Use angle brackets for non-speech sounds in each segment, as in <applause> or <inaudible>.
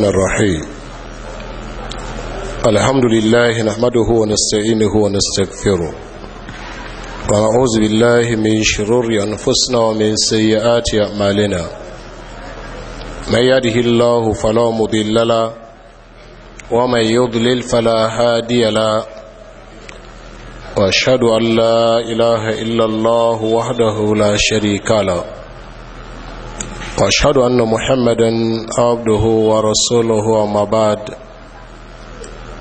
الرحيم الحمد لله نحمده ونستعينه ونستغفره ونعوذ بالله من شرور أنفسنا ومن سيئات أعمالنا من يده الله فلا مضل له ومن يضلل فلا هادي له واشهد أن لا إله إلا الله وحده لا شريك له واشهد ان محمدا عبده ورسوله وما بعد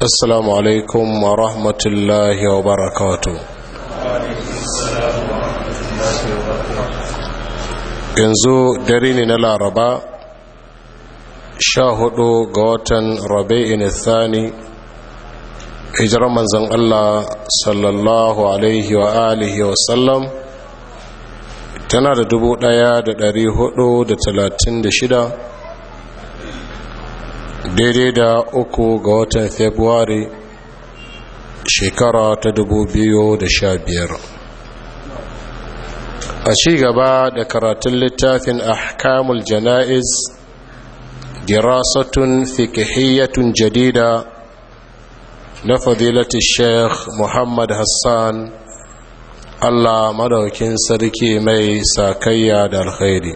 السلام عليكم ورحمه الله وبركاته yanzu dare ne na laraba sha hudu ga watan rabi'in thani hijirar manzan allah sallallahu alaihi wa alihi wa sallam tana da dubu da dari hudu da talatin da shida daidai da uku ga watan februari shekara ta dubu biyu da sha biyar. a ci gaba da karatun littafin ahkamul jana'iz dirasatun fikihiyatun jadida na fadilati sheikh muhammad hassan Allah madaukin sarki mai sakayya da alkhairi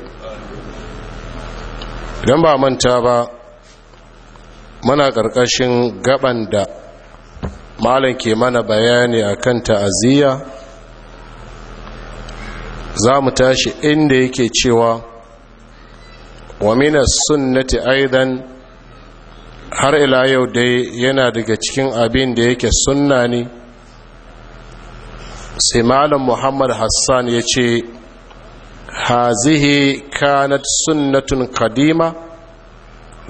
idan ba manta ba muna ƙarƙashin gaban da malam ke mana bayani akan ta'aziyya za mu tashi inda yake cewa wa mina sunnati aidan har ila yau dai yana daga cikin abin da yake sunna ne sai malam muhammad hassan ya ce hazihi kanat sunnatun kadima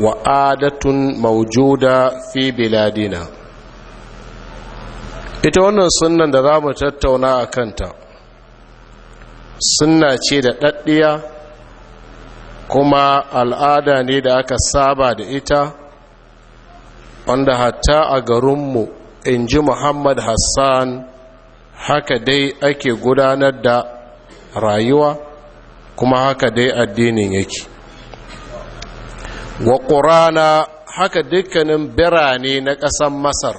wa adatun maujuda fi biladina ita wannan sunan da za mu tattauna a kanta sunna ce da ɗaɗɗiya kuma al'ada ne da aka saba da ita wanda hatta a garinmu in ji muhammad hassan haka dai ake gudanar da rayuwa kuma haka dai addinin yake wa ƙurana haka dukkanin birane na ƙasar masar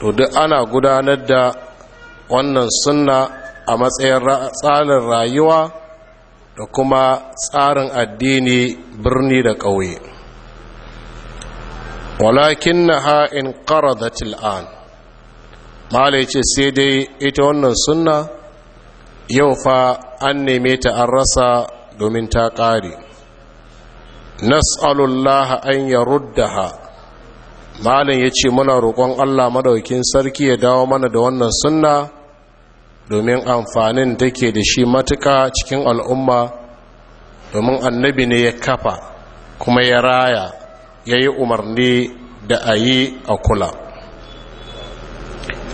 to duk ana gudanar da wannan sunna a matsayin tsarin rayuwa da kuma tsarin addini birni da ƙauye walakin na in ƙara da til'an ya ce sai dai ita wannan sunna yau fa an neme ta an rasa domin ta ƙare nas'alullaha an ya ruddaha malin ya ce muna roƙon allah madaukin sarki ya dawo mana da wannan sunna domin amfanin da ke da shi matuƙa cikin al'umma domin annabi ne ya kafa kuma ya raya ya yi umarni da a yi a kula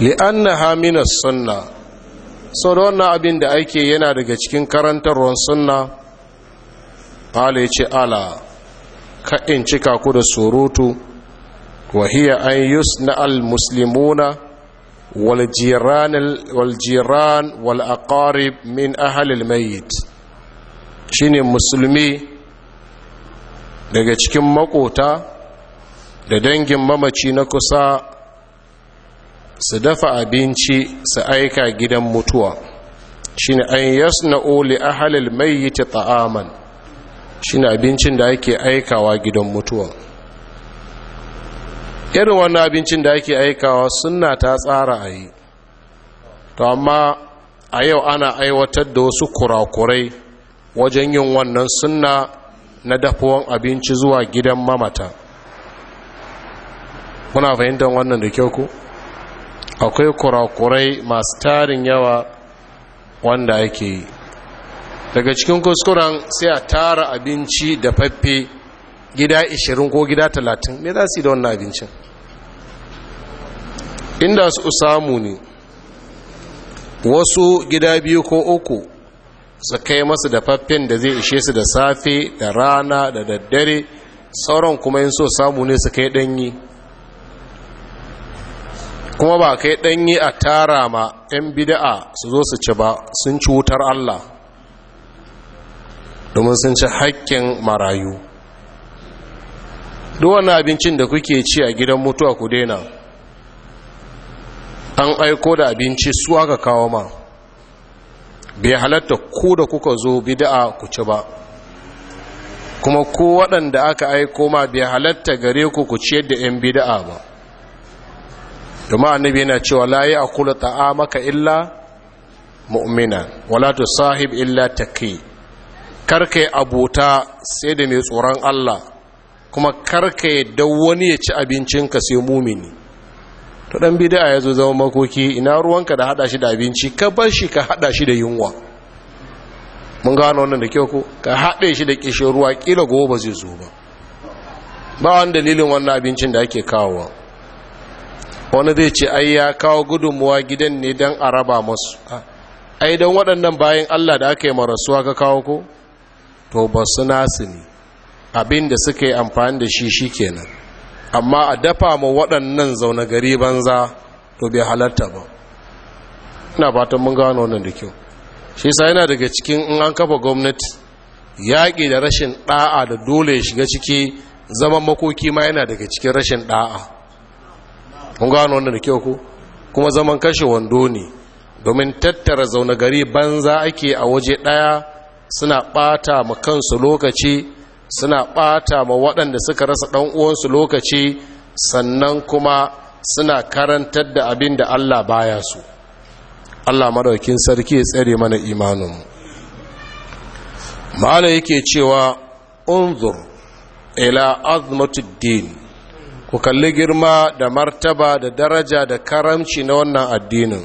li'anna haminas sunna sau da wannan abin da ake yana daga cikin karantarwar sunna ƙala ya ce ala ka'in cika ku da surutu wahiya an na al-muslimuna waljiran wal'aƙarib min ahalil mayit shine musulmi daga cikin makota da dangin mamaci na kusa su dafa abinci su aika gidan mutuwa shine an yasna'u li ahlil mayyit ta'aman shine abincin da ake aikawa gidan mutuwa irin wannan abincin da ake aikawa sunna ta tsara a yi to amma a yau ana aiwatar da wasu kurakurai wajen yin wannan sunna na dafuwan abinci zuwa gidan mamata muna fahimtar wannan da kyau ku akwai kurakurai masu tarin yawa wanda ake yi daga cikin kuskuren sai a tara abinci da faffe gida 20 ko gida 30 me za su yi da wannan abincin inda su samu ne wasu gida biyu ko uku su kai masu da da zai ishe su da safe da rana da daddare sauran kuma yin so samu ne su kai danyi kuma ba kai yi a tara ma 'yan bida'a su zo su ci ba sun ci wutar Allah domin sun ci haƙƙin marayu duwane abincin da kuke ci a gidan mutuwa ku daina an aiko da abinci su aka kawo ma bai halatta ku da kuka zo bida'a ku ci ba kuma ko waɗanda aka aiko ma bai halatta gare ku ku ci yadda 'yan bida'a ba domin annabi yana cewa la ya akula ta'amaka illa mu'mina wala sahib illa taqi karka abota sai da mai tsoron Allah kuma karka yadda wani ya ci abincin ka sai mumini to dan bid'a yazo zama makoki ina ruwanka da hada shi da abinci ka bar shi ka hada shi da yunwa mun gano wannan da kyau ko ka hade shi da kishin ruwa kila gobe zai zo ba ba wani dalilin wannan abincin da ake kawowa wani zai ce ai ya kawo gudunmuwa gidan ne don a raba masu ai don waɗannan bayan allah da aka yi marasuwa ka kawo ko to ba su nasu ne abin da suka yi amfani da shi shi kenan amma a dafa ma waɗannan zaune gari banza to bai halatta ba ina fatan mun gano wannan da kyau shi sa yana daga cikin in an kafa gwamnati yaƙi da rashin ɗa'a da dole ya shiga ciki zaman makoki ma yana daga cikin rashin ɗa'a kun gano wannan da kyau ku? kuma zaman kashe wando ne domin tattara zaune gari banza ake a waje ɗaya suna ɓata ma kansu lokaci suna ɓata ma waɗanda suka rasa ɗan uwansu lokaci sannan kuma suna karantar da abin da Allah baya su Allah madaukin sarki ya tsare mana imaninmu ma'ala yake cewa unzur ila azmatuddin ku kalli girma da martaba da daraja da karamci na wannan addinin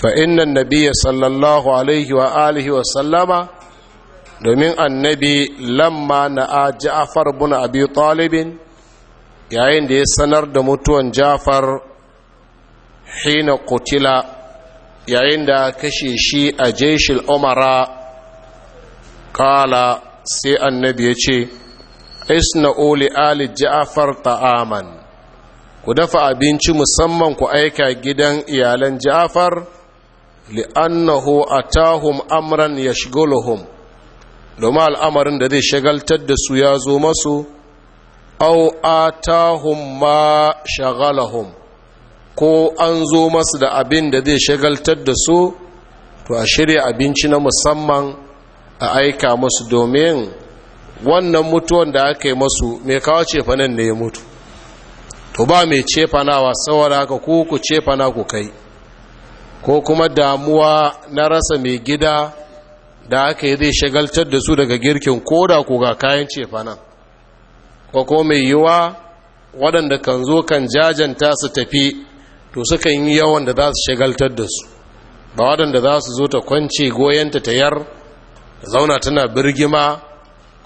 fa'innan nabiya sallallahu alaihi wa alihi wa sallama domin annabi lamma na a ja'afar buna abi talibin yayin da ya sanar da mutuwan Jafar hina kutila yayin da kashe shi a jeshil umara kala sai annabi ya ce isna ali ja'far ta'aman ku dafa abinci musamman ku aika gidan iyalan ja'far li'annahu atahum amran yashghuluhum domin al'amarin da zai shagaltar da su ya zo masu au atahum ma shagalahum ko an zo masu da abin da zai shagaltar da su to a shirya abinci na musamman a aika musu domin wannan mutuwan da aka yi masu mai kawo cefanen ne ya mutu to ba mai cefanawa saboda haka ko ku cefana ku kai ko kuma damuwa na rasa mai gida da aka yi zai shagaltar da su daga girkin koda ku ga kayan cefanan ko ko mai yiwa waɗanda kan zo kan jajanta su tafi to sukan yi yawan da za su shagaltar da su ba waɗanda za su zo ta kwance goyonta ta yar zauna tana birgima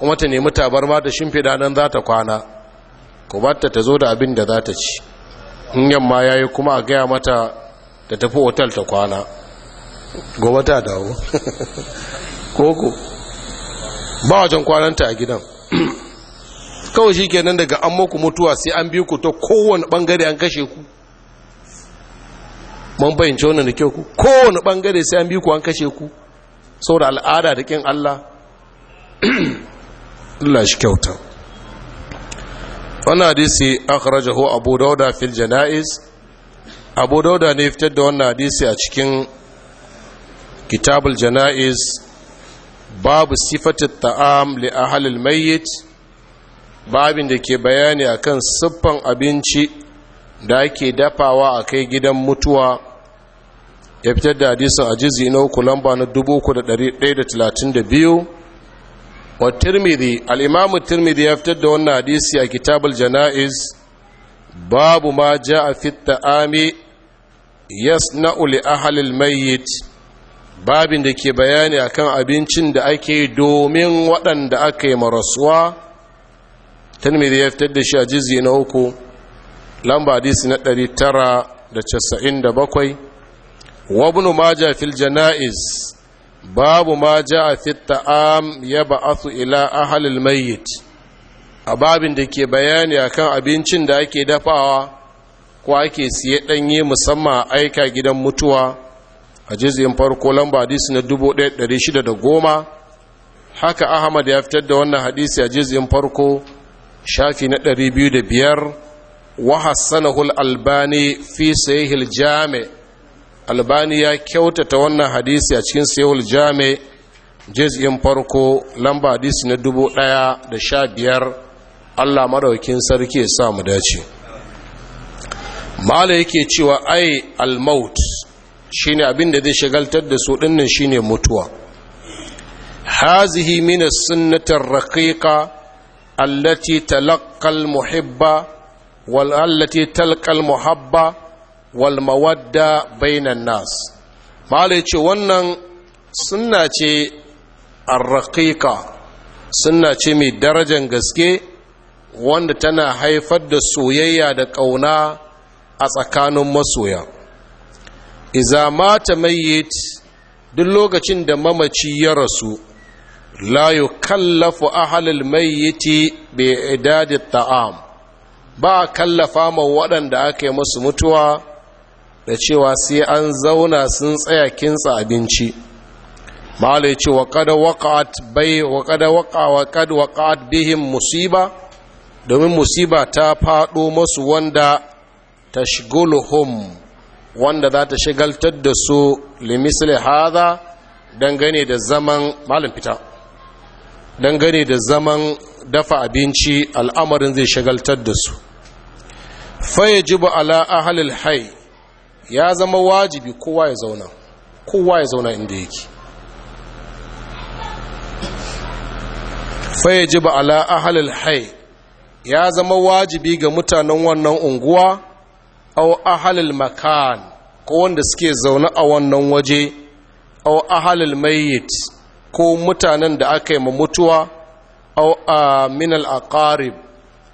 kuma ta nemi tabarma da shimfiɗa nan za ta kwana ku batta ta zo da abin da za ta ci in yamma ya yi kuma a gaya mata da tafi otal ta kwana gobe ta dawo koko <laughs> ba wajen kwananta a gidan <clears throat> kawai shi kenan daga an maku mutuwa sai an biyu ku ta kowane bangare an kashe ku mun bayyance wannan da kyau ku kowane bangare sai an biyu ku an kashe ku saboda al'ada da kin Allah <clears throat> Allah shi kyauta wannan hadisi akhrajahu abu dauda fil janaiz abu dauda ne fitar da wannan hadisi a cikin kitabul janaiz babu sifati ta'am li ahlil mayyit babin da ke bayani akan siffan abinci da ake dafawa a kai gidan mutuwa ya fitar da hadisin a jizi na uku lamba na biyu. wa tirmidhi al-imamu tirmidhi ya fitar da wannan hadisi a kitabul janaiz babu ma ja'a fi ta'ami yasna'u li ahli al-mayyit babin da ke bayani akan abincin da ake domin waɗanda aka yi marasuwa tirmidhi ya fitar da shi a jizgi na uku lamba hadisi na 997 wa ibn majah fil janaiz babu ma ja a fitta'am ya ba'asu ila ahalil mayyit a babin da ke bayani akan abincin da ake dafawa ko ake siye ɗanye musamman a aika gidan mutuwa a jizyin farko lamba hadisi na 1610 haka ahmad ya fitar da wannan hadisi a jizyin farko shafi na 205 wa hassanahul albani fi sahih jami' albani ya kyautata wannan hadisi a cikin sayul jami in farko lamba hadisi na dubu ɗaya da sha biyar allah maraukin sarki ya sa mu dace mala yake cewa ai almaut shine abin da zai shagaltar da su ɗinnan shine mutuwa hazihi min sunnatar raqiqa allati talaqqa muhibba wal allati talqa muhabba. wal mawadda bainan nas mala ce wannan sunna ce arraqiqa sunna ce mai darajan gaske wanda tana haifar da soyayya da ƙauna a tsakanin masoya iza mata mayyit duk lokacin da mamaci ya rasu la yukallafu ahlul mayyiti bi idadi ta'am ba kallafa ma waɗanda aka yi musu mutuwa da cewa sai an zauna sun tsaya kinsa abinci malai ce wa kada waqa'at bai wa kada waqa wa kad waqa'at bihim musiba domin musiba ta fado masu wanda tashguluhum wanda za ta shigaltar da su limisli hadha dangane da zaman malam fita dangane da zaman dafa abinci al'amarin zai shagaltar da su Fa fayajibu ala al hai ya zama wajibi kowa ya zauna kowa ya zauna inda yake fayaji ba ala ahalil hai ya zama wajibi ga mutanen wannan unguwa au ahalil makan ko wanda suke zauna a wannan waje au ahalil mayyit ko mutanen da aka yi mutuwa au aminal aqarib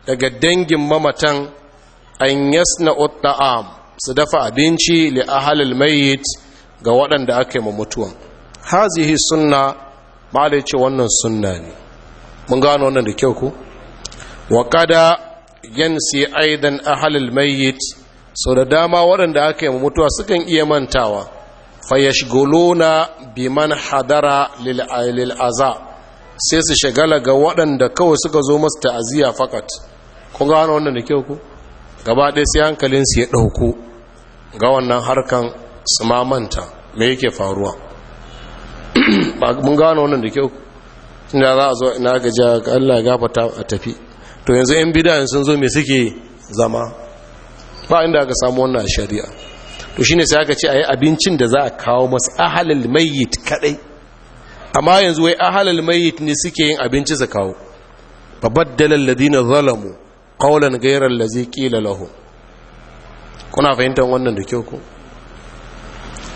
daga dangin mamatan an yasna ta'am su dafa abinci li ahalil mayit ga waɗanda aka yi ma mutuwa. hazihi sunna ba da ce wannan sunna ne mun gano wannan da kyau ku wa kada yansi aidan ahalil mayit sau da dama waɗanda aka ma mutuwa sukan iya mantawa fayashguluna biman hadara lil aza sai su shagala ga waɗanda kawai suka zo masu ta'aziyya fakat kun gano wannan da kyau ku gaba ɗaya sai hankalinsu ya ɗauko ga wannan harkan su mamanta me yake faruwa <clears throat> ba mun gano wannan da kyau inda za a zo ina gaji ga Allah gafata a tafi to yanzu yan bidayen sun zo mai suke zama ba inda aka samu wannan shari'a to shine sai aka ce a yi abincin da za a kawo masa ahalal mayyit kadai amma yanzu wai ahalal mayyit ne suke yin abinci su kawo fabaddala ladina zalamu qawlan ghayra allazi qila lahum kuna fahimtar wannan da kyau ku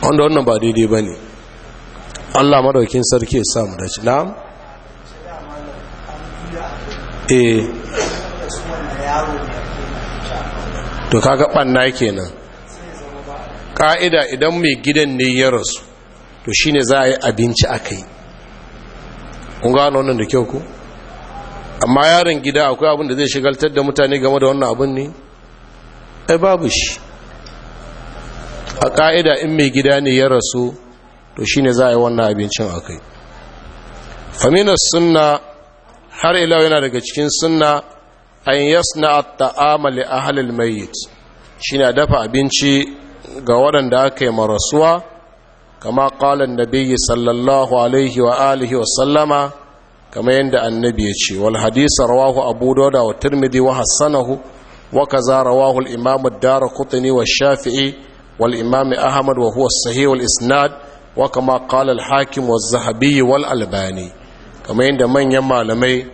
wanda wannan ba daidai ba ne allah maɗaukin sarki ya samu shi, na eh to kaga ɓanna kenan ƙa'ida idan mai gidan ne ya rasu to shine za a yi abinci a kai kun gano wannan da kyau ku amma yaron gida akwai abin da zai shigaltar da mutane game da wannan abin ne ai babu shi a ƙa'ida in mai gida ne ya rasu to shi ne za a yi wannan abincin a kai faminas suna har ila yana daga cikin sunna an yasna halil mayit ahlil mayyit shine dafa abinci ga waɗanda aka yi marasuwa kama da biyu, sallallahu alaihi wa alihi wa sallama kama yadda annabi ya ce wal hadisa rawahu abu dauda wa turmidi wa hassanahu wa kaza rawahu al dara ad wa shafi'i wal imam ahmad wa huwa sahih isnad wa kama qala hakim wa zahabi wal albani kamar yadda manyan malamai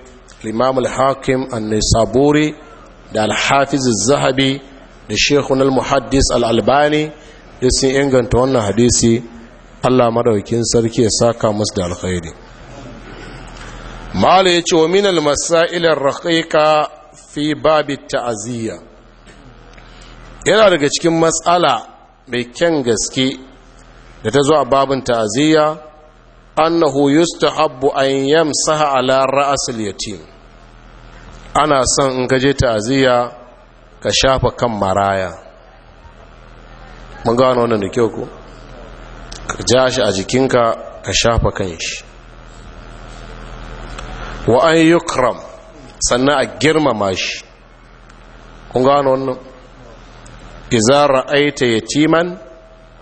imam al hakim an-nisaburi da al zahabi da shaykhun muhaddis al albani da sun inganta wannan hadisi Allah madaukin sarki ya saka musu da alkhairi mala ya ce wa minal masailar raƙaƙa fi babi ta'aziyya yana daga cikin matsala mai kyan gaske da ta zo a babin ta'aziyya annahu yustahabbu an yamsaha ala ra'sil yatim ana son in gaje ta'aziyya ka shafa kan maraya mun gano wannan da kyau ko ka ja shi a jikinka ka shafa kan shi wa an yukram sannan a girmama shi kun gano wannan izara aita yatiman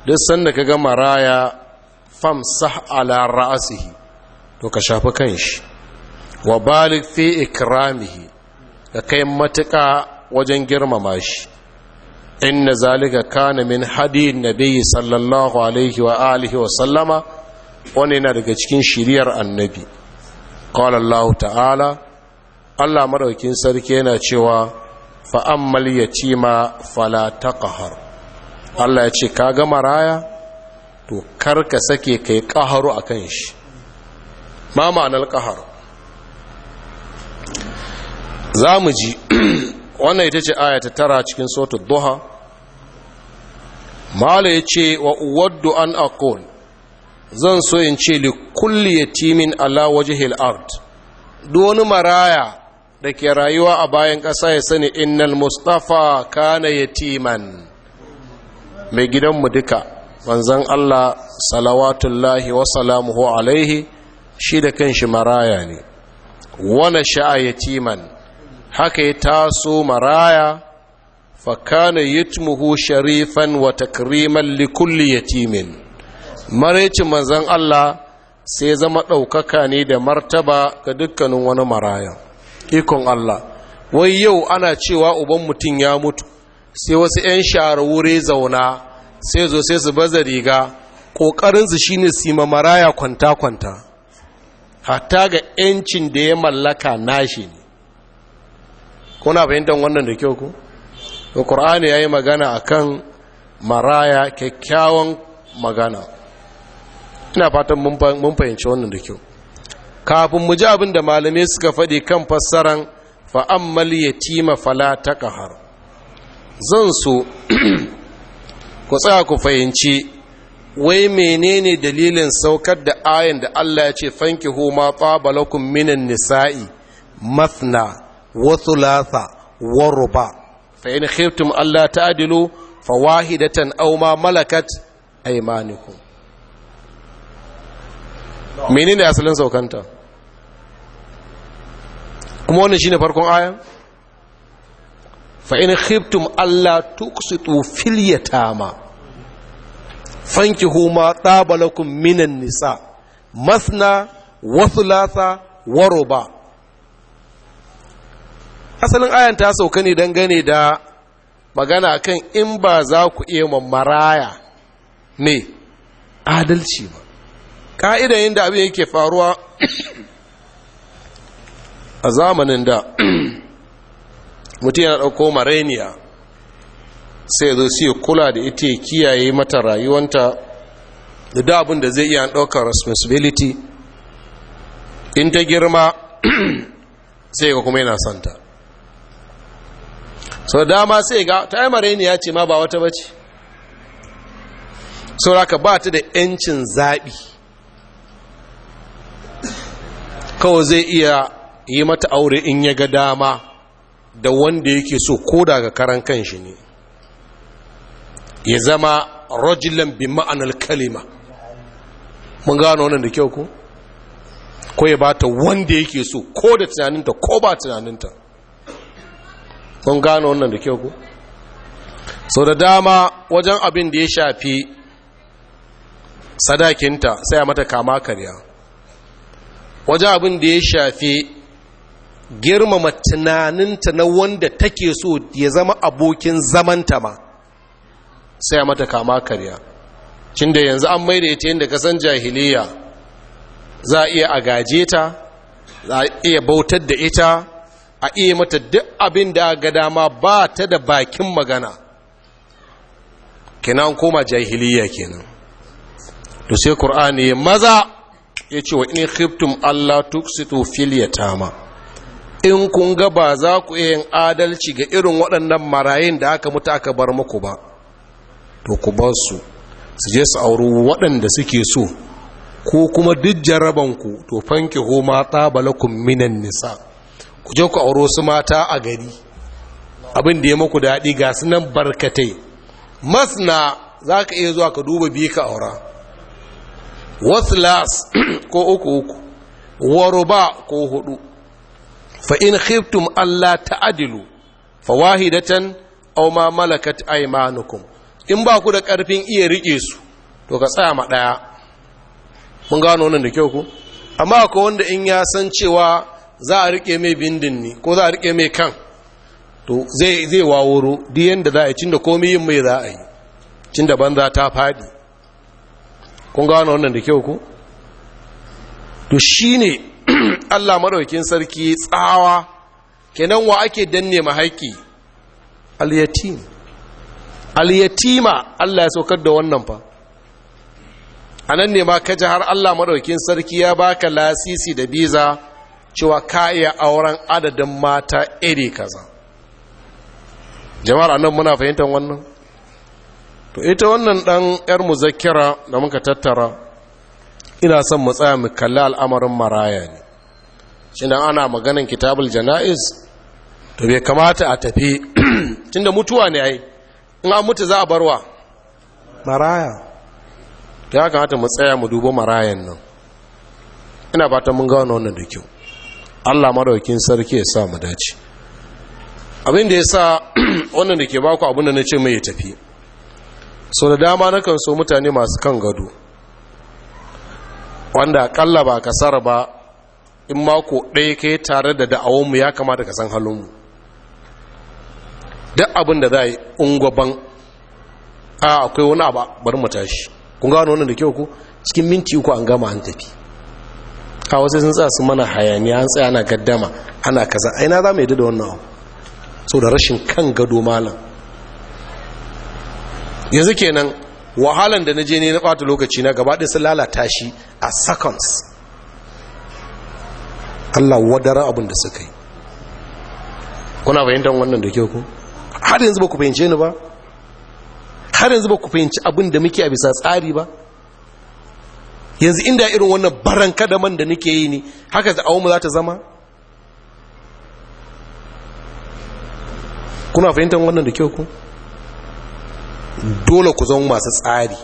duk sanda ka ga maraya famsah ala ra'asihi to ka shafi kanshi wa balik fi ikramihi ka kai matuƙa wajen girmama shi inna zalika kana min hadin nabiyyi sallallahu alaihi wa alihi wa sallama wani yana daga cikin shiriyar annabi qala allah ta'ala allah madaukin sarki yana cewa fa'ammal ya ce ma falata ƙahar Allah ya ce ka ga maraya to ka sake kai ƙaharu a kan shi ma ma'anar ƙahar za mu ji <clears throat> wannan ita ce ayata tara cikin sautu duha mala ya ce wa uwaddu an akon zan so in ce li kulli yatimin ala wajihil ard duk wani maraya da ke rayuwa a bayan ƙasa ya sani innal mustafa kana yatiman mai gidanmu duka manzan Allah salawatullahi wa salamuhu alaihi shi da kanshi maraya ne wana sha'a yatiman haka ya taso maraya fa kana yatmuhu sharifan wa takriman li kulli yatimin maraicin manzan Allah sai zama ɗaukaka ne da martaba ga dukkanin wani maraya ikon Allah wai yau ana cewa uban mutum ya mutu sai wasu 'yan shara wuri zauna sai zo sai su baza riga ƙoƙarinsu shine su maraya kwanta-kwanta hatta ga 'yancin da ya mallaka nashi ne kuna fahimtar wannan da kyau ku? ƙur'ani ya yi magana a kan maraya kyakkyawan magana ina fatan mun fahimci wannan da kyau kafin mu ji abin da malamai suka faɗi kan fassaran fa'ammal yatima fala ta ƙahar zan so <clears throat> ku tsaya ku fahimci wai menene dalilin saukar da ayan da Allah ya ce fanki homa tsabalakun minin nisa'i mathna wa thulatha wa ruba fa in khiftum Allah ta'dilu fawahidatan aw ma malakat aymanukum menene asalin saukanta kuma wannan shine farkon aya fa in khiftum alla tuqsitu fil yatama fankihu ma taba lakum minan nisa masna wa thalatha wa ruba asalin ayan ta sauka ne dangane da magana kan in ba za ku iya mamaraya ne adalci ba ka'idan yadda abin yake faruwa a zamanin da <clears throat> mutum yana ɗauko mareniya sai zo siya kula da ita ya kiyaye mata rayuwanta da dabin da zai iya ɗaukar responsibility in ta girma <clears throat> sai ga kuma yana santa so dama sai ga ta yi mareniya ce ma ba wata bace sauraka ba ta da 'yancin zaɓi kawai zai iya yi mata aure in ya ga dama da wanda yake so ko daga karan kan shi ne ya zama rajulan bi ma'anar kalima mun gano wannan da kyau ko ko ya bata wanda yake so ko da tunaninta ko ba tunaninta mun gano wannan da kyau ko so da dama wajen abin da ya shafi sadakinta sai a mata kama karya wajen abin da ya shafi girmama tunaninta na wanda take so ya zama abokin zamanta ma sai mata kama karya cin da yanzu an maida ita yadda kasan jahiliya za a iya agaje ta za a iya bautar da ita a iya mata duk abin da ga dama ba ta da bakin magana kenan koma jahiliya kenan to sai qur'ani maza ya ce wa in khiftum allah tuksitu filiyata ma in kun ga ba za ku iya yin adalci ga irin waɗannan marayin da aka mutu aka bar muku ba to ku ba su su je su auri waɗanda suke so ko kuma duk jarabanku to fanki ho mata balakun minan nisa ku je ku auro su mata a gari abin da ya muku daɗi ga su nan barkatai masna za ka iya zuwa ka duba biyu ka aura wasu las <clears throat> ko uku uku waruba ko hudu fa in khiftum alla ta'dilu fawahidatan aw ma malakat aymanukum in ba ku da karfin iya rike su to ka tsaya ma daya mun gano wannan da kyau ku amma akwai wanda in ya san cewa za a rike mai bindin ni ko za a rike mai kan to zai zai waworo duk yanda za a yi cinda komai yin mai za a yi cinda banza ta fadi kun gano wannan da kyau ku to shine Allah maraukin sarki tsawa kenan wa ake danne ma al-yatim al-yatima Allah ya saukar da wannan fa anan ne ma kaji har Allah maraukin sarki ya baka lasisi da biza cewa ka iya auren adadin mata iri kaza jama'ar anan muna fahimtar wannan to ita wannan dan yar muzakkira da muka tattara ina son mu tsaya mu kalli al'amarin maraya ne shi ana maganan kitabul jana'iz to bai kamata a tafi <clears throat> tunda mutuwa ne ai in an mutu za a barwa maraya to ya kamata mu tsaya mu duba marayan nan ina fatan mun ga wannan da kyau Allah madaukin sarki ya sa mu dace abin da ya sa <clears throat> wannan da ke baku abin da na ce mai tafi so da dama na kan so mutane masu kan gado wanda akalla ba kasar ba in mako ɗaya ka yi tare da da'awonmu ya kamata ka san halinmu duk abin da za a yi ungwaban a akwai wani abu bari mu tashi kun gano wannan da kyau ku cikin minti uku an gama an tafi a wasu sun tsaya su mana hayaniya an tsaya ana gaddama ana kaza aina za mu yi da wannan abu sau da rashin kan gado malam yanzu kenan wahalan da na je ne na ɓata lokaci na gaba ɗaya sun lalata shi a seconds Allah wadara abin da suka yi kuna bayyantar wannan da kyau ku har yanzu ba ku fahimce ni ba har yanzu ba ku fahimci abin da muke a bisa tsari ba yanzu inda irin wannan baran kadaman da nake yi ne haka da awon za ta zama kuna fahimtar wannan da kyau ku dole ku zama masu tsari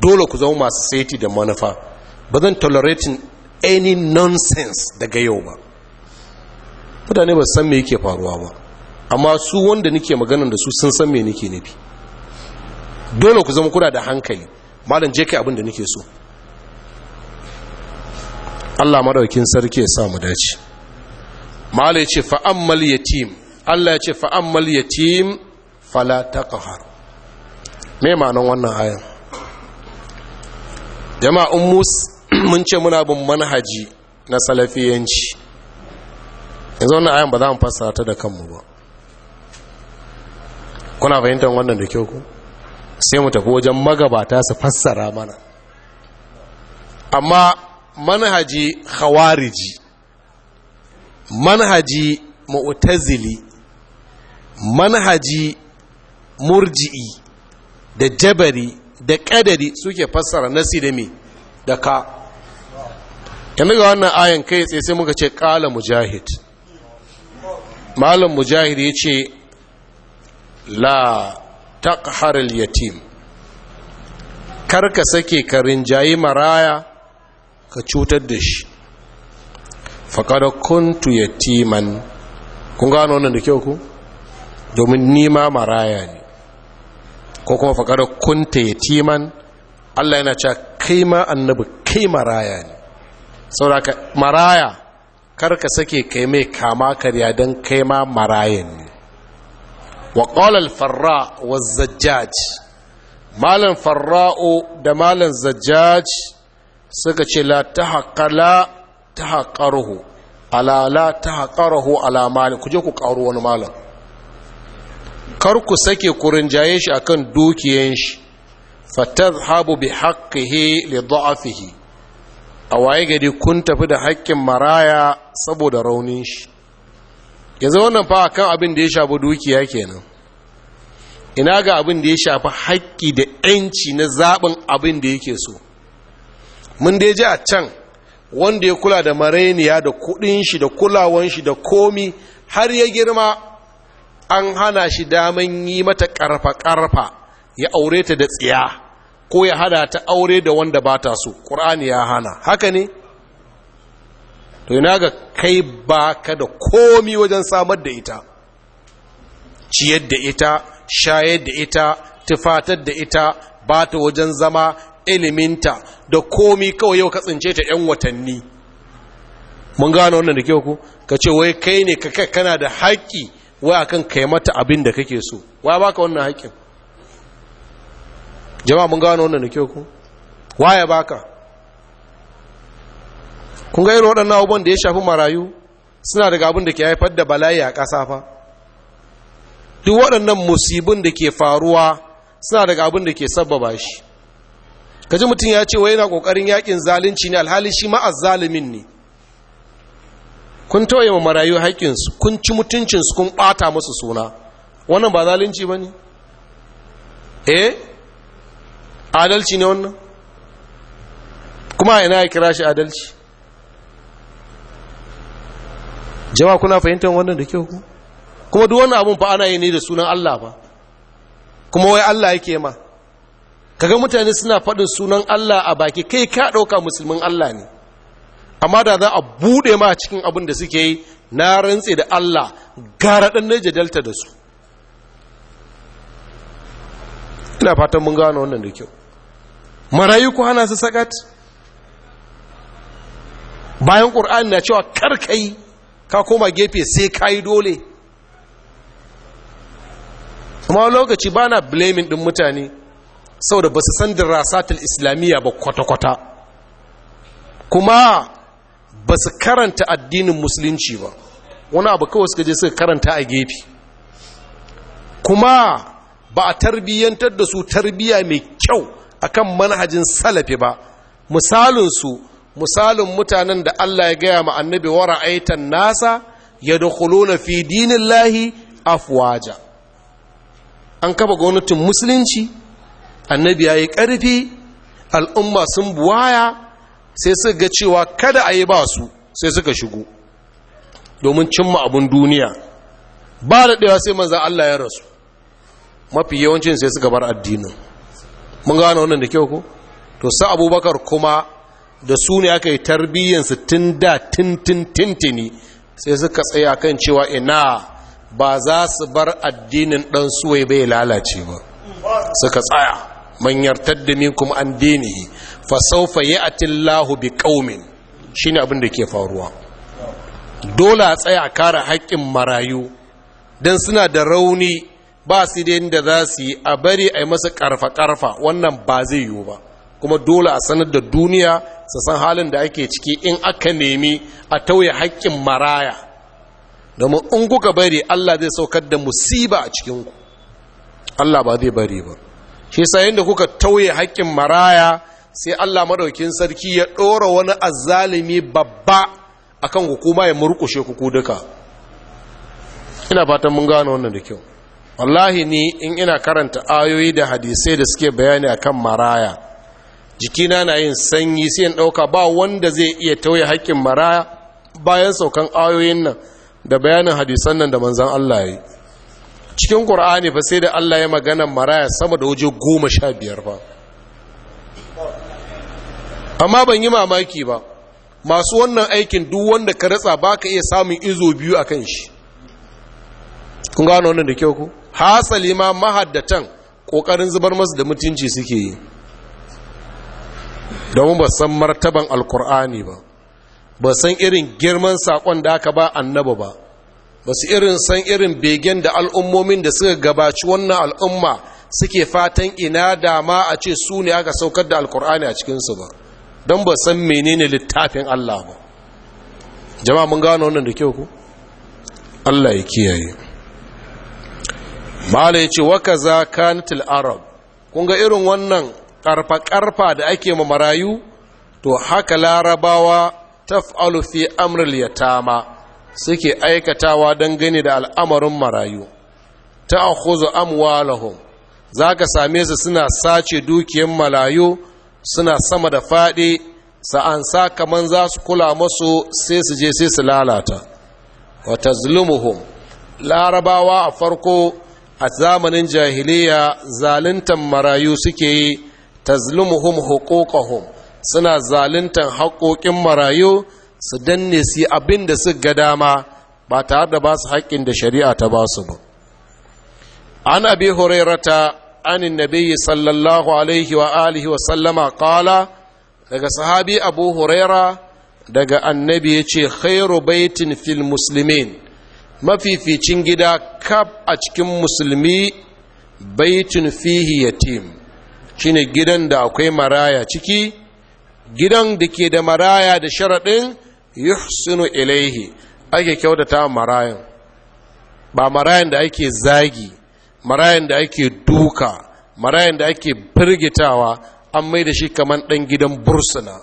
dole ku zama masu saiti da manufa ba zan tolerating any nonsense daga yau ba mutane ba san me yake faruwa ba amma su wanda nike maganan da su sun san me nike nufi dole ku zama kuna da hankali malam je kai abin da nake so Allah madaukin sarki ya sa mu dace mala ce fa ammal yatim Allah yace fa ammal yatim fala taqhar me ma'anar wannan ayan Jama'un ummus <clears throat> mun ce muna bin manhaji na salafiyanci yanzu wannan ayan ba za mu fassara ta da kanmu ba kuna fahimtar wannan da kyau ku sai mu tafi wajen magabata su fassara mana amma manhaji khawariji manhaji mu'tazili manhaji murji'i da jabari da kadari suke fassara nasi da me da ka yanzu ga wannan ayan kai tsaye sai muka ce kala mujahid malam mujahid ya ce la taqhar yatim ka sake ka rinjayi maraya ka cutar da shi faƙada kuntu yatiman kun gano wannan da kyau ku domin nima maraya ne ko kuma faƙada kunta yatiman allah yana cewa kai ma annabi kai maraya ne sauraka maraya karka sake kai mai kama karya don kai ma marayan ne wa ƙolal farra wa zajjaj malin farra'o da malin zajjaj suka ce la ta haƙala ta haƙaruhu alala ta haƙarhu alamalin ku je ku ƙaru wani malin kar ku sake ku rinjaye shi akan dukiyan shi fatar habu bi haƙƙihe li da'afihi a waye gari kun tafi da haƙƙin maraya saboda raunin shi yanzu wannan fa kan abin da ya shafi dukiya kenan ina ga abin da ya shafi haƙƙi da 'yanci na zaɓin abin da yake so mun dai ji a can wanda ya kula da marainiya da kuɗin shi da kulawan shi da komi har ya girma an hana shi daman yi mata ƙarfa-ƙarfa ya aure ta da tsiya ko ya hada ta aure da wanda ba ta so ƙur'ani ya hana haka ne to yana ga kai ba ka da komi wajen samar da ita ciyar da ita shayar da ita tufatar da ita ba ta wajen zama iliminta da komi kawai yau ka tsince ta 'yan watanni mun gano wannan da kyau ku ka ce wai kai ne kana da haƙƙi wai akan kai mata abin da kake so wai baka wannan haƙƙin jama'a mun gano wannan da ke ku waya baka kun ga irin waɗannan abubuwan da ya shafi marayu suna daga abin da ke haifar da bala'i a ƙasa fa duk waɗannan musibin da ke faruwa suna daga abin da ke sabbaba shi kaji mutum ya ce wai yana ƙoƙarin yaƙin zalunci ne alhali shi ma azzalimin ne kun tawaye wa marayu haƙƙinsu kun ci mutuncinsu kun ɓata musu suna wannan ba zalunci ba ne eh adalci ne wannan kuma ina ya kira shi adalci jama'a kuna fahimtar wannan da kyau kuma duk wannan abun fa ana yi ne da sunan Allah ba kuma wai Allah yake ma kaga mutane suna faɗin sunan Allah a baki kai ka ɗauka musulmin Allah ne amma da za a buɗe ma cikin abin da suke yi na rantse da Allah gara ɗan na jadalta da su ina fatan mun gano wannan da kyau marayu ku hana su sakat bayan ƙur'ani na cewa karkai ka koma gefe sai kayi dole kuma lokaci ba na blaming ɗin mutane saboda ba su san dirasatul islamiyya ba kwata-kwata kuma ba su karanta addinin musulunci ba wani abu kawai suka je suka karanta a gefe kuma ba a tarbiyyantar da su tarbiyya mai kyau akan manhajin salafi ba misalinsu misalin mutanen da Allah ya gaya ma annabi wa ra'aitan nasa yadkhuluna fi dinillahi afwaja an kafa gwamnatin musulunci annabi yayi ƙarfi al'umma sun buwaya sai suka ga cewa kada a yi ba su sai suka shigo domin cimma abun duniya ba da ɗaya sai manzan Allah ya rasu mafi yawancin sai suka bar addinin mun gane wannan da kyau ko to sa abubakar kuma da su ne aka yi tarbiyyansu tun da tintintintini sai suka tsaya kan cewa ina ba za su bar addinin ɗan suwai bai lalace ba suka tsaya manyar taddami kuma an dini fasaufa ya atillahu bi kaumin. shi ne abin da ke faruwa dole a tsaya kara haƙƙin marayu don suna da rauni ba su da inda za su yi a bari a yi masa karfa-karfa wannan ba zai yiwu ba kuma dole a sanar da duniya su san halin da ake ciki in aka nemi a tauye haƙƙin maraya domin in kuka bari allah zai saukar da musiba a cikinku allah ba zai bari ba shi sayin da kuka tauye haƙƙin maraya sai allah maɗaukin sarki ya ɗora wani azalimi babba a akan hukuma ya murƙushe kuku duka ina fatan mun gane wannan da kyau wallahi ni in ina karanta ayoyi da hadisai da suke bayani a kan maraya jikina na yin sanyi sai in ɗauka ba wanda zai iya tauye haƙƙin maraya bayan saukan ayoyin nan da bayanin hadisan nan da manzan Allah ya yi cikin ƙur'ani fa sai da Allah ya magana maraya sama da waje goma sha biyar ba amma ban yi mamaki ba masu wannan aikin duk wanda ka ratsa ba ka iya samun izo biyu a kan shi kun gano wannan da kyau ku hasali ma mahaddatan ƙoƙarin zubar masu da mutunci suke yi don ba san martaban alkur'ani ba ba san irin girman sakon da aka ba annaba ba ba su irin san irin begen da al'ummomin da suka gabaci wannan al'umma suke fatan ina dama a ce su ne aka saukar da alkur'ani a cikinsu ba don ba san menene littafin allah ba jama'a mun gano wannan da kyau ku allah ya kiyaye mala ya ce waka za kanatil arab kun ga irin wannan ƙarfa-ƙarfa da ake ma marayu to haka larabawa ta fi amril ya tama suke aikatawa gani da al'amarin marayu ta ta'khudhu amwalahum ka same su suna sace dukiyar marayu suna sama da faɗi sa'an sa kaman za su kula masu sai su je sai su lalata wa tazlumuhum larabawa a farko a zamanin jahiliya zaluntan marayu suke yi tazlumuhum huquqahum suna zaluntan haƙoƙin marayu su danne su abin da su ga dama ba tare da ba su haƙƙin da shari'a ta ba su ba an abi hurairata an annabi sallallahu alaihi wa alihi wa sallama qala daga sahabi abu huraira daga annabi yace khairu baitin fil muslimin mafificin gida kaf a cikin musulmi baitun fihi yatim shine gidan da akwai maraya ciki gidan da ke da maraya da sharaɗin yuhsinu ilaihi ake kyautata marayan ba marayan da ake zagi marayan da ake duka marayan da ake firgitawa an mai da shi kamar ɗan gidan bursuna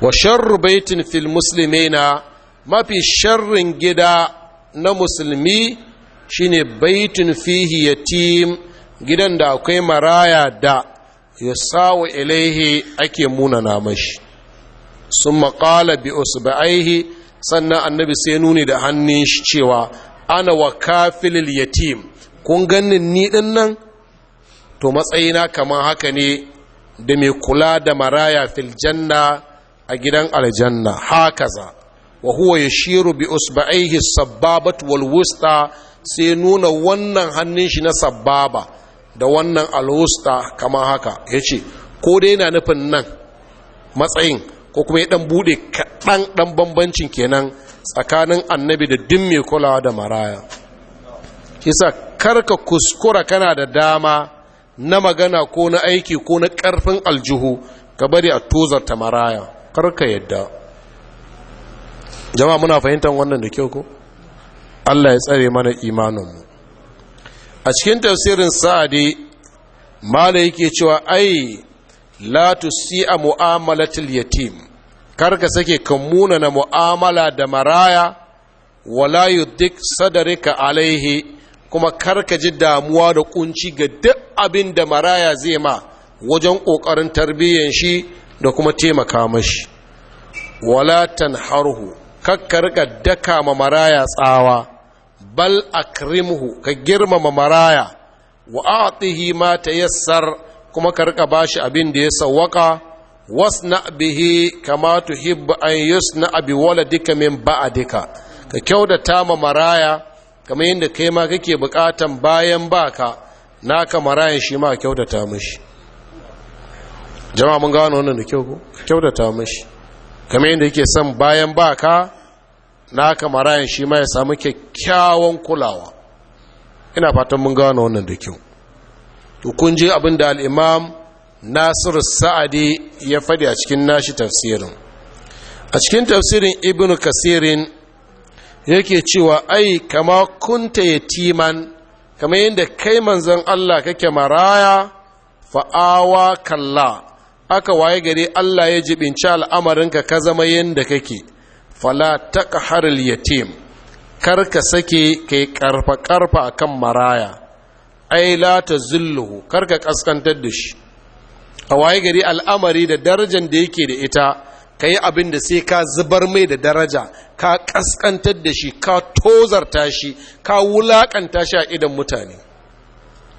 wa sharru baitin fil muslimina mafi sharrin gida na musulmi shine baitin fihi yatim gidan da akwai maraya da ya sawo ilaihi ake munana mashi sun maƙala bi usba'aihi sannan annabi sai nuni da hannun shi cewa ana wa kafilil yatim kun ganin ni din nan to matsayina kamar haka ne da mai kula da maraya fil janna a gidan aljanna haka za? wa ya yashiru bi usba'ihi sabbabat wal sai nuna wannan hannun shi na sabbaba da wannan alwusta. wusta kama haka yace ko dai yana nufin nan matsayin ko kuma ya dan bude kaɗan dan bambancin kenan tsakanin annabi da din mai kulawa da maraya kisa karka kuskura kana da dama na magana ko na aiki ko na ƙarfin aljihu ka bari a tozarta maraya karka yadda jama'a muna fahimtar wannan da kyau ko Allah ya tsare mana imaninmu a cikin tafsirin sa'adi mala yake cewa ai la tusi'a mu'amalatil yatim ka sake ka na mu'amala da maraya wala yudik sadarika alaihi kuma kar ka ji damuwa da kunci ga duk abin da maraya zai ma wajen ƙoƙarin tarbiyyar shi da kuma taimaka mashi wala tanharhu kakkarka daka ma maraya tsawa bal akrimuhu ka girmama maraya wa atihi ma tayassar kuma ka rika bashi abin da ya sawaka wasna bihi kama tuhibbu an yusna bi waladika min ba'dika ka kyautata ma maraya kamar yadda kai ma kake bukatan bayan baka naka marayan shi ma kyautata mishi jama'a mun gano wannan da kyau ko kyautata mishi kamar yadda yake son bayan baka naka marayan shi ma ya samu kyakkyawan kulawa ina fatan mun gano wannan da kyau to abin da al’imam Nasiru Sa'adi ya fadi a cikin nashi tafsirin a cikin tafsirin Ibn Kasirin yake cewa ai kama kunta yatiman kamar yadda kai manzon Allah kake maraya fa'awa kalla aka waye gare Allah ya jibinci al'amarinka ka zama yadda kake fala taqhar al-yatim kar ka sake kai karfa karfa kan maraya ai la tazilluhu kar ka kaskantar da shi a waye gari al'amari da darajar da yake da ita ka yi abin da sai ka zubar mai da daraja ka kaskantar da shi ka tozarta shi ka wulakanta shi a idan mutane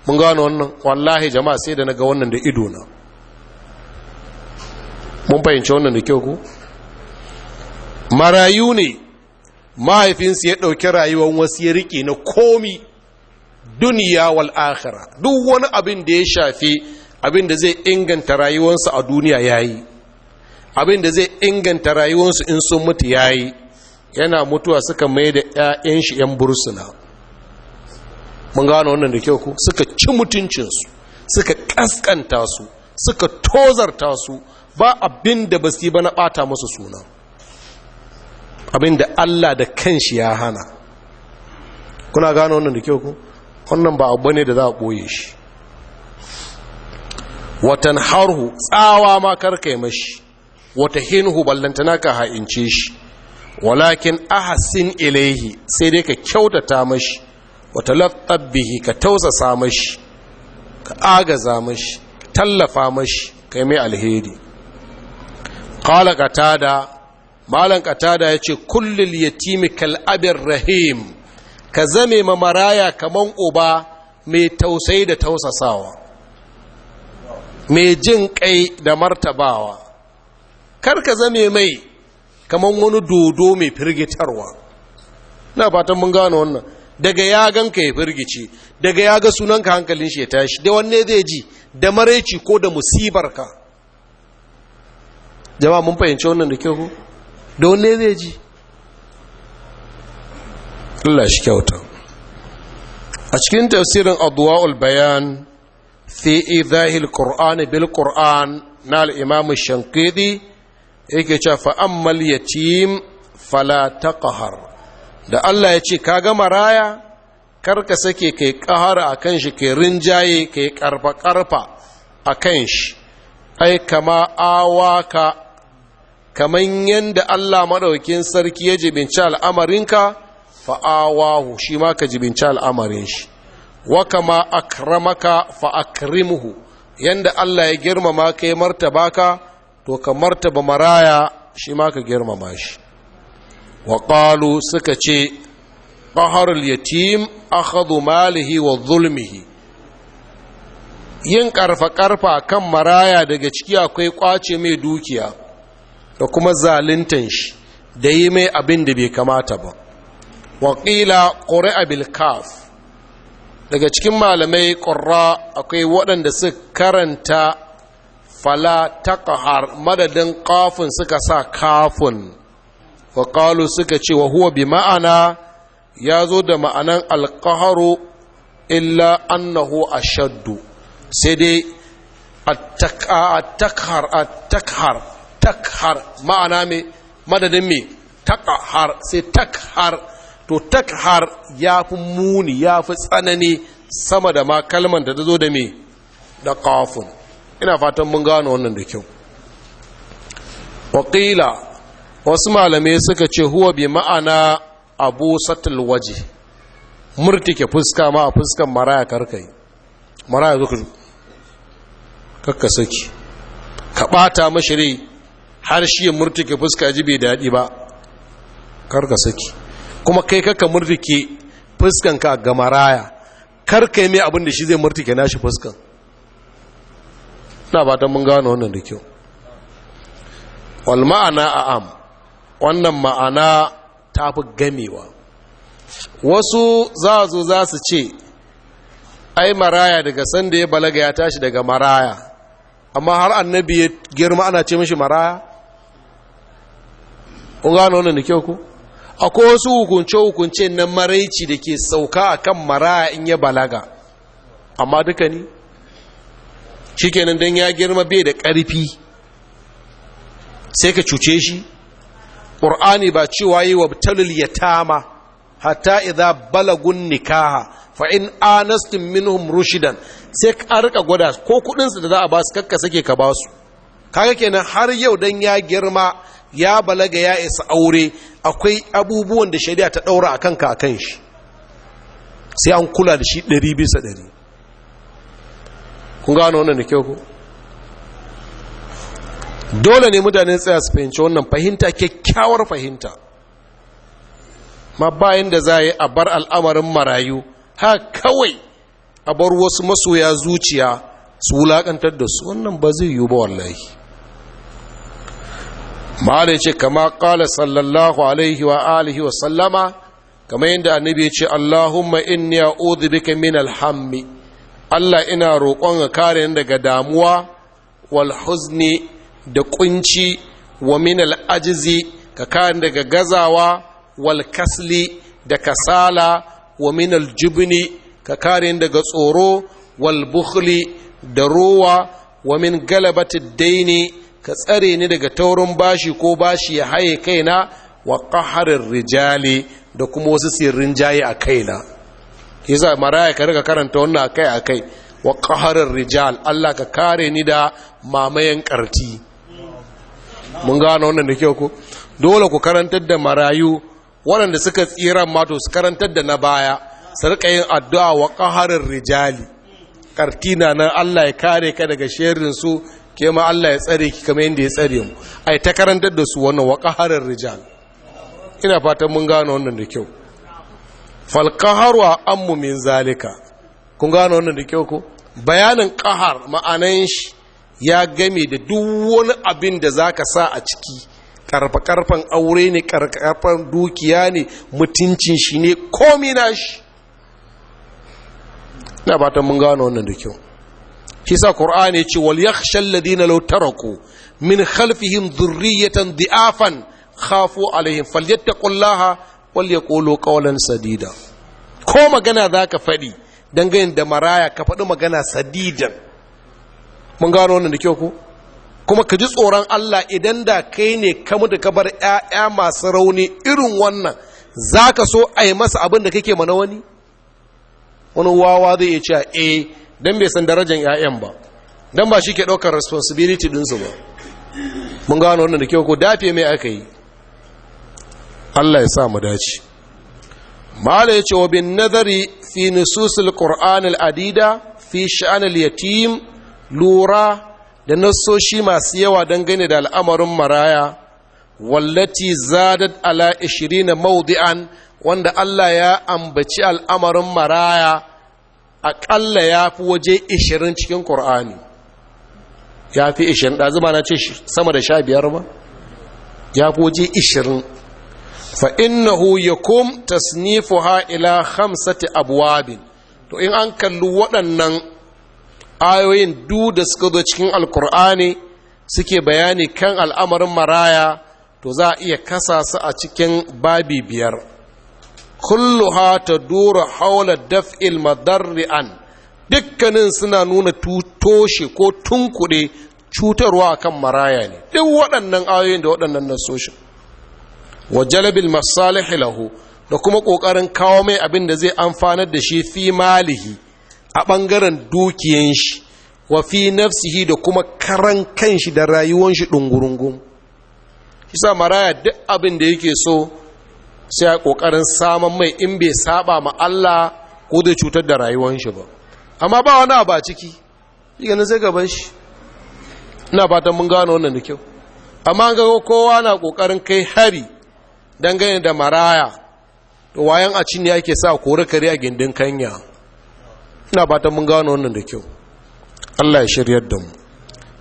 mun gano wannan wallahi jama'a sai da na ga wannan da idona mun fahimci wannan da kyau ku marayu ne mahaifinsu ya ɗauki rayuwar wasu ya riƙe na komi duniya wal duk wani abin da ya shafi abin da zai inganta rayuwarsu a duniya ya yi abin da zai inganta rayuwarsu in sun mutu ya yi yana mutuwa suka mai da 'ya'yan shi 'yan bursuna mun gano wannan da kyau ku suka ci mutuncinsu suka kaskanta su suka tozarta su ba abin da ba su ba na bata masa suna abin da allah da kanshi ya hana kuna gano wannan da kyau ku wannan ba abu ne da za a ɓoye shi watan harhu tsawa ma karkai mashi wata hinhu ballantana ka ha'ince shi walakin ahasin ilaihi sai dai ka kyautata mashi wata laftabbihi ka tausasa mashi ka agaza mashi tallafa mashi ka yi mai alheri Katada, Malam Katada ya ce kullul yatimi kal abir rahim ka zame ma maraya kaman uba mai tausayi da tausasawa mai jin kai da martabawa kar ka zame mai kaman wani dodo mai firgitarwa na fatan mun gane wannan daga ya ganka ya firgici daga ya ga sunanka hankalin shi ya tashi da wanne zai ji da maraici ko da musibarka jama'a mun fahimci wannan da kyau don ne zai ji Allah shi kyauta a cikin tafsirin abuwa bayan fi zahil ƙor'an bil ƙor'an na al'imamu shankidi yake cewa fa ammal yatim fala da Allah ya ce ka ga maraya karka sake kai ƙahara a kan shi kai rinjaye kai ƙarfa karfa a kan shi ai kama awaka kamar yadda Allah maɗaukin sarki ya jibinci al'amarinka fa'awahu shi ma ka jibinci al'amarin shi wa kama akramaka fa'akrimuhu yadda Allah ya girmama ka yi martaba ka to ka martaba maraya shi ma ka girmama shi wa ƙalu suka ce ƙaharul yatim akhadu malihi wa zulmihi yin ƙarfa-ƙarfa kan maraya daga ciki akwai ƙwace mai dukiya da kuma zaluntan shi da yi mai abin da bai kamata ba waƙila ƙuri'a bilkaf daga cikin malamai ƙurra akwai waɗanda su karanta fala takahar madadin kafin suka sa kafin waƙalu suka ce wa huwa bi ma'ana ya zo da ma'anan alƙaharu illa annahu ashaddu sai dai a takhar. takhar ma'ana me madadin me takhar sai takhar to takhar ya fi muni ya fi tsanani sama da ma kalman da ta zo da me da kafin ina fatan mun gano wannan da kyau waƙila wasu malamai suka ce huwa bi ma'ana abu satul waje murtike fuska ma a fuskan maraya karkai maraya zuka kakka saki ka ɓata mashi rai har shi ya murtuke fuska ji bai daɗi ba kar ka saki kuma kai kaka murtuke fuskanka ga maraya kar kai yi mai abin da shi zai murtuke nashi fuskan na fatan mun gano wannan da kyau wal ma'ana a am wannan ma'ana ta fi gamewa wasu za zo za su ce ai maraya daga sanda ya balaga ya tashi daga maraya amma har annabi ya girma ana ce mashi maraya Ko gano wannan da kyau ku akwai wasu hukunce-hukunce na maraici da ke sauka a kan maraya in ya balaga amma duka ni shi kenan don ya girma bai da ƙarfi sai ka cuce shi ƙur'ani ba cewa yi wa talul tama, hatta idza balagun nikaha fa in anastum minhum rushidan sai ka rika gwada ko kudin da za a ba su kakka sake ka ba su kaga kenan har yau dan ya girma ya balaga ya isa aure akwai abubuwan da shari'a ta ɗaura a kanka a kan shi sai an kula da shi ɗari bisa ɗari kun gano wannan da kyau ku dole ne mutane tsaya su fahimci wannan fahimta kyakkyawar fahimta ma bayan da za a yi a bar al'amarin marayu ha kawai a bar wasu masoya zuciya su wulaƙantar da su wannan ba zai yiwu ba wallahi ma'ala ya ce kama ƙala sallallahu alaihi wa alihi wa sallama kama yadda annabi ya ce allahumma inni a'udhu bika min alhammi allah ina roƙon ka kare ni daga damuwa wal huzni da kunci wa min al'ajizi ka kare daga gazawa wal kasli da kasala wa min aljubni ka kare daga tsoro wal bukhli da rowa wa min galabati daini ka tsare ni daga taurin bashi ko bashi ya haye kaina wa ƙaharin rijali da kuma wasu sirrin jaye a kaina yasa maraya ka rika karanta wannan akai akai wa ƙaharin rijal Allah ka kare ni da mamayen ƙarti mun gano wannan da kyau ko dole ku karantar da marayu waɗanda suka tsira mato su karantar da na baya su yin addu'a wa ƙaharin rijali ƙarti na nan Allah ya kare ka daga sharrin su ke ma Allah ya tsare ki kamar yadda ya tsare mu ai ta karantar da su wannan wa qaharar rijal ina fatan mun gano wannan da kyau fal qaharu ammu min zalika kun gano wannan da kyau ko bayanin qahar ma'anan shi ya game da duk wani abin da zaka sa a ciki karfa-karfan aure ne karfan dukiya ne mutuncin shi ne komi na shi na mun gano wannan da kyau shi sa ya ce wal yakhshal ladina law taraku min khalfihim dhurriyatan dhi'afan khafu alaihim falyattaqullaha wal yaqulu qawlan sadida ko magana zaka faɗi dangane da maraya ka faɗi magana sadidan mun gano wannan da kyau ko kuma ka ji tsoron Allah idan da kai ne ka mutu ka bar ‘ya'ya masu rauni irin wannan za ka so a yi masa abin da kake mana wani? wani wawa zai iya cewa eh don bai san darajar 'ya'yan ba don ba shi ke ɗaukar responsibility ɗinsu ba mun gano wannan da kyau ko dafe mai aka yi allah ya sa mu dace mala ya ce wa bin nazari fi nususul qur'an al'adida fi sha'an yatim lura da nasoshi masu yawa don gane da al'amarin maraya wallati zadat ala 20 mawdi'an wanda allah ya ambaci al'amarin maraya aƙalla ya fi waje 20 cikin ƙorani ya fi 20 ɗazu ba na ce sama da sha biyar ba ya fi waje 20 fa'innahu ya kum tasnifu ila hamsati abuwabin to in an kalli waɗannan ayoyin du da suka zo cikin alƙorani suke bayani kan al'amarin maraya to za a iya kasa su a cikin babi biyar kulluha ta dora haula daf'il madarri'an an dukkanin suna nuna toshe ko tunkuɗe cutarwa kan maraya ne duk waɗannan ayoyin da waɗannan nasoshin wa jalabil masalihi lahu da kuma ƙoƙarin kawo mai abin da zai amfanar da shi fi malihi a ɓangaren dukiyan shi wa fi nafsihi da kuma karan kan shi da rayuwan shi ɗungurungun shi sa maraya duk abin da yake so sai a kokarin saman mai in bai saba ma Allah ko zai cutar da rayuwar shi ba amma ba wani ba ciki ganin sai gaban shi ina fatan mun gano wannan da kyau amma ga kowa na kokarin kai hari dangane da maraya to wayan a cin ne ake sa kore kare a gindin kanya ina fatan mun gano wannan da kyau Allah ya shiryar da mu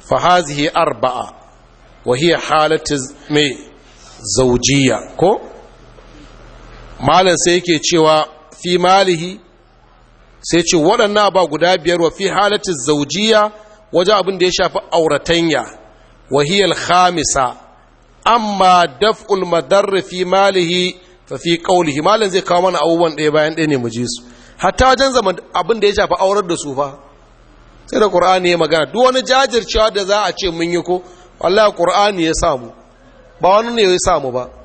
fa hazihi arba'a wa hiya halatu mai zawjiyya ko malam sai yake cewa fi malihi sai ce waɗannan ba guda biyar wa fi halatin zaujiya wajen abin da ya shafi auratanya wahiyar khamisa amma daf'ul madarri fi malihi fa fi ƙaulihi malam zai kawo mana abubuwan ɗaya bayan ɗaya ne mu ji su hatta wajen zama abin da ya shafi aurar da su fa sai da ƙur'ani ya magana duk wani jajircewa da za a ce mun yi ko wallahi ƙur'ani ya samu ba wani ne ya samu ba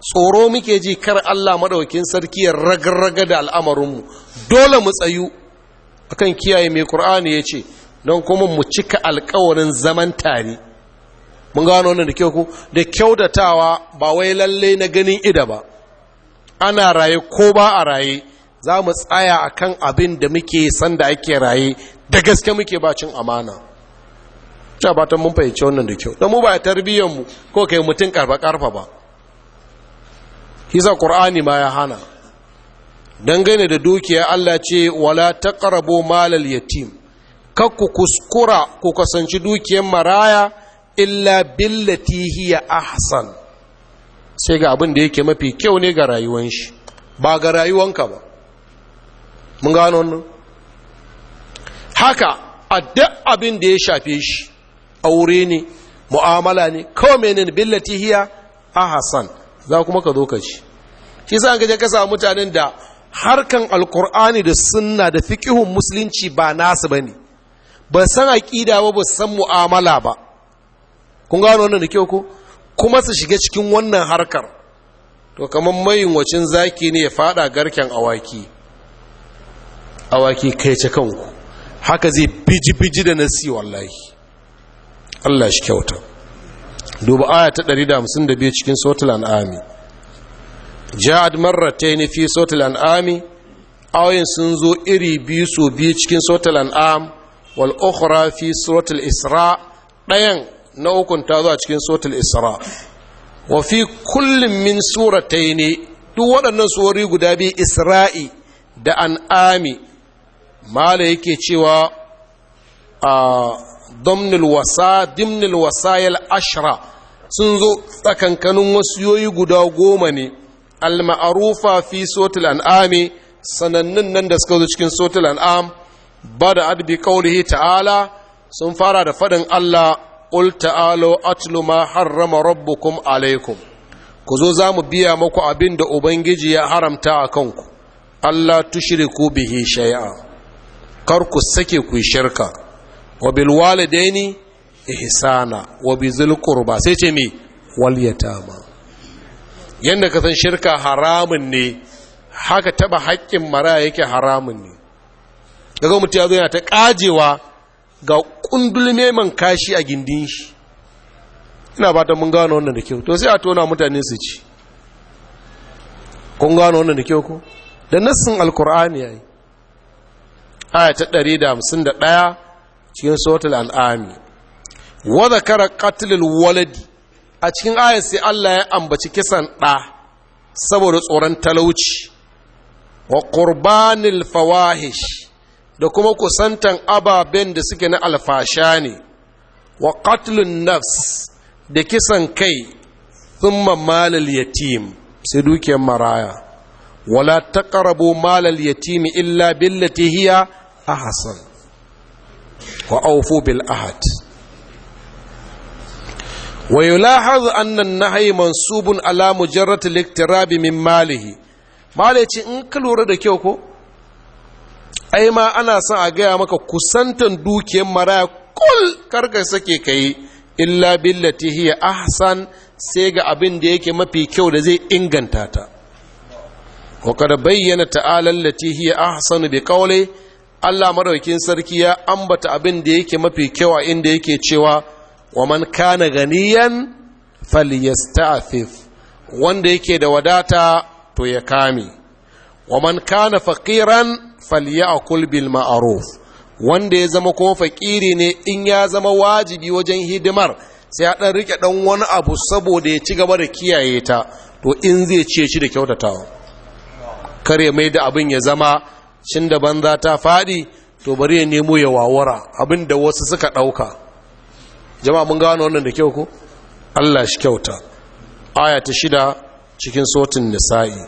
tsoro muke ji kar Allah maɗaukin sarki ya ragarraga da al'amarinmu dole mu tsayu akan kiyaye mai Qur'ani yace don kuma mu cika alƙawarin zaman tare mun gano wannan da kyau ku da kyau da tawa ba wai lalle na ganin ida ba ana raye ko ba a raye za mu tsaya akan abin da muke san da ake raye da gaske muke bacin amana ta mun fahimci wannan da kyau don mu ba tarbiyyar mu ko kai mutum karfe karfa ba hisa ƙur'ani ma ya hana dangane da dukiya allah ce wala ta ƙarabo malal yatim kar ku kuskura ku kasance dukiyan maraya illa billati hiya ahsan sai ga abin da yake mafi kyau ne ga rayuwan shi ba ga rayuwanka ba mun gano wannan haka a duk abin da ya shafe shi aure ne mu'amala ne kawai menene billati hiya ahsan za kuma ka zo ka ci shi sa an gaje ka samu mutanen da harkan alkur'ani da sunna da fiqihun musulunci ba nasu bane ba san aqida ba ba san mu'amala ba kun gano wannan da kyau ko kuma su shiga cikin wannan harkar to kamar mayin wacin zaki ne ya fada garken awaki awaki kai ce kanku haka zai biji biji da nasi wallahi Allah shi kyauta duba aya ta 152 cikin sautul an'ami ja'ad marratayn fi sautul an'ami ayoyin sun zo iri biyu so biyu cikin sautul an'am wal ukhra fi suratul isra ɗayan na ukun ta cikin sautul isra wa fi kullum min ne duk waɗannan suwari guda biyu isra'i da an'ami mala yake cewa a domnil wasa dimnil wasayil ashra sun zo tsakankanin wasiyoyi guda goma ne al fi sotil an'ami sanannun nan da suka zo cikin sotil an'am ba da adbi kaulihi ta'ala sun fara da faɗin Allah qul ta'alu atlu ma harrama rabbukum alaikum ku zo za mu biya maku abinda ubangiji ya haramta a kanku Allah tushriku bihi shay'a kar ku sake kuyi shirka wa bil walidaini ihsana wa bi zil qurba sai ce me wal yatama yanda ka san shirka haramun ne haka taba haƙƙin mara yake haramun ne daga mutu ya zo yana ta kajewa ga ƙundul neman kashi a gindin shi ina ba ta mun gano wannan da kyau to sai a tona mutane su ci kun gano wannan da kyau ko da nassin alkur'ani ya yi ta 151 cikin sautar al'ami wadda kara katilin waladi a cikin ayat sai Allah ya ambaci kisan ɗa saboda tsoron talauci wa qurbanil fawahish da kuma kusantan ababen da suke na alfasha ne wa katilin nafs da kisan kai thumma malal yatim sai dukiyar maraya wala ƙarabo malal yatim illa billati hiya ahsan wa aufu bil ahad wa yulahaz anna an mansubun ala mujarrat al-iktirabi min malihi malaci in ka lura da kyau ko ai ma ana son a gaya maka kusantan dukiyar mara kul karka sake kai illa billati hiya ahsan sai ga abin da yake mafi kyau da zai inganta ta wa bayyana ta'ala allati hiya ahsanu bi qawli Allah maraukin sarki ya ambata abin da yake mafi kyau inda yake cewa wa man kana ganiyan falyasta'fif wanda yake da wadata to ya kame wa man kana faqiran falyakul bil ma'ruf wanda ya zama ko fakiri ne in ya zama wajibi wajen hidimar sai ya dan rike dan wani abu saboda ya ci gaba da kiyaye ta to in zai ce shi da kyautatawa kare mai da abin ya zama shin da banza ta faɗi to bari ya nemo ya wawara abin wasu suka ɗauka jama'a mun gano wannan da kyau ko allah shi kyauta aya ta shida cikin sotin nisa'i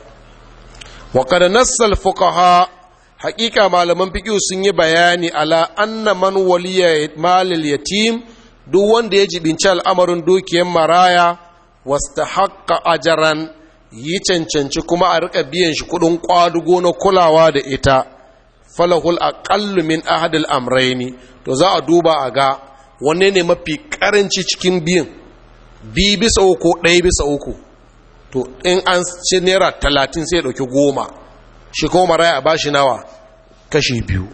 wa kada nassal fuqaha haƙiƙa malaman fiƙi sun yi bayani ala anna man waliya malil yatim duk wanda ya jibinci al'amarin dukiyar maraya wasta haƙa ajaran yi cancanci kuma a rika biyan shi kuɗin kwadugo na kulawa da ita falahul aƙallu min ahadil amraini to za a duba a ga wanne ne mafi karanci cikin biyan bi bisa uku ɗaya bisa uku to in an ci naira talatin sai dauki goma shi kuma maraya a bashi nawa kashi biyu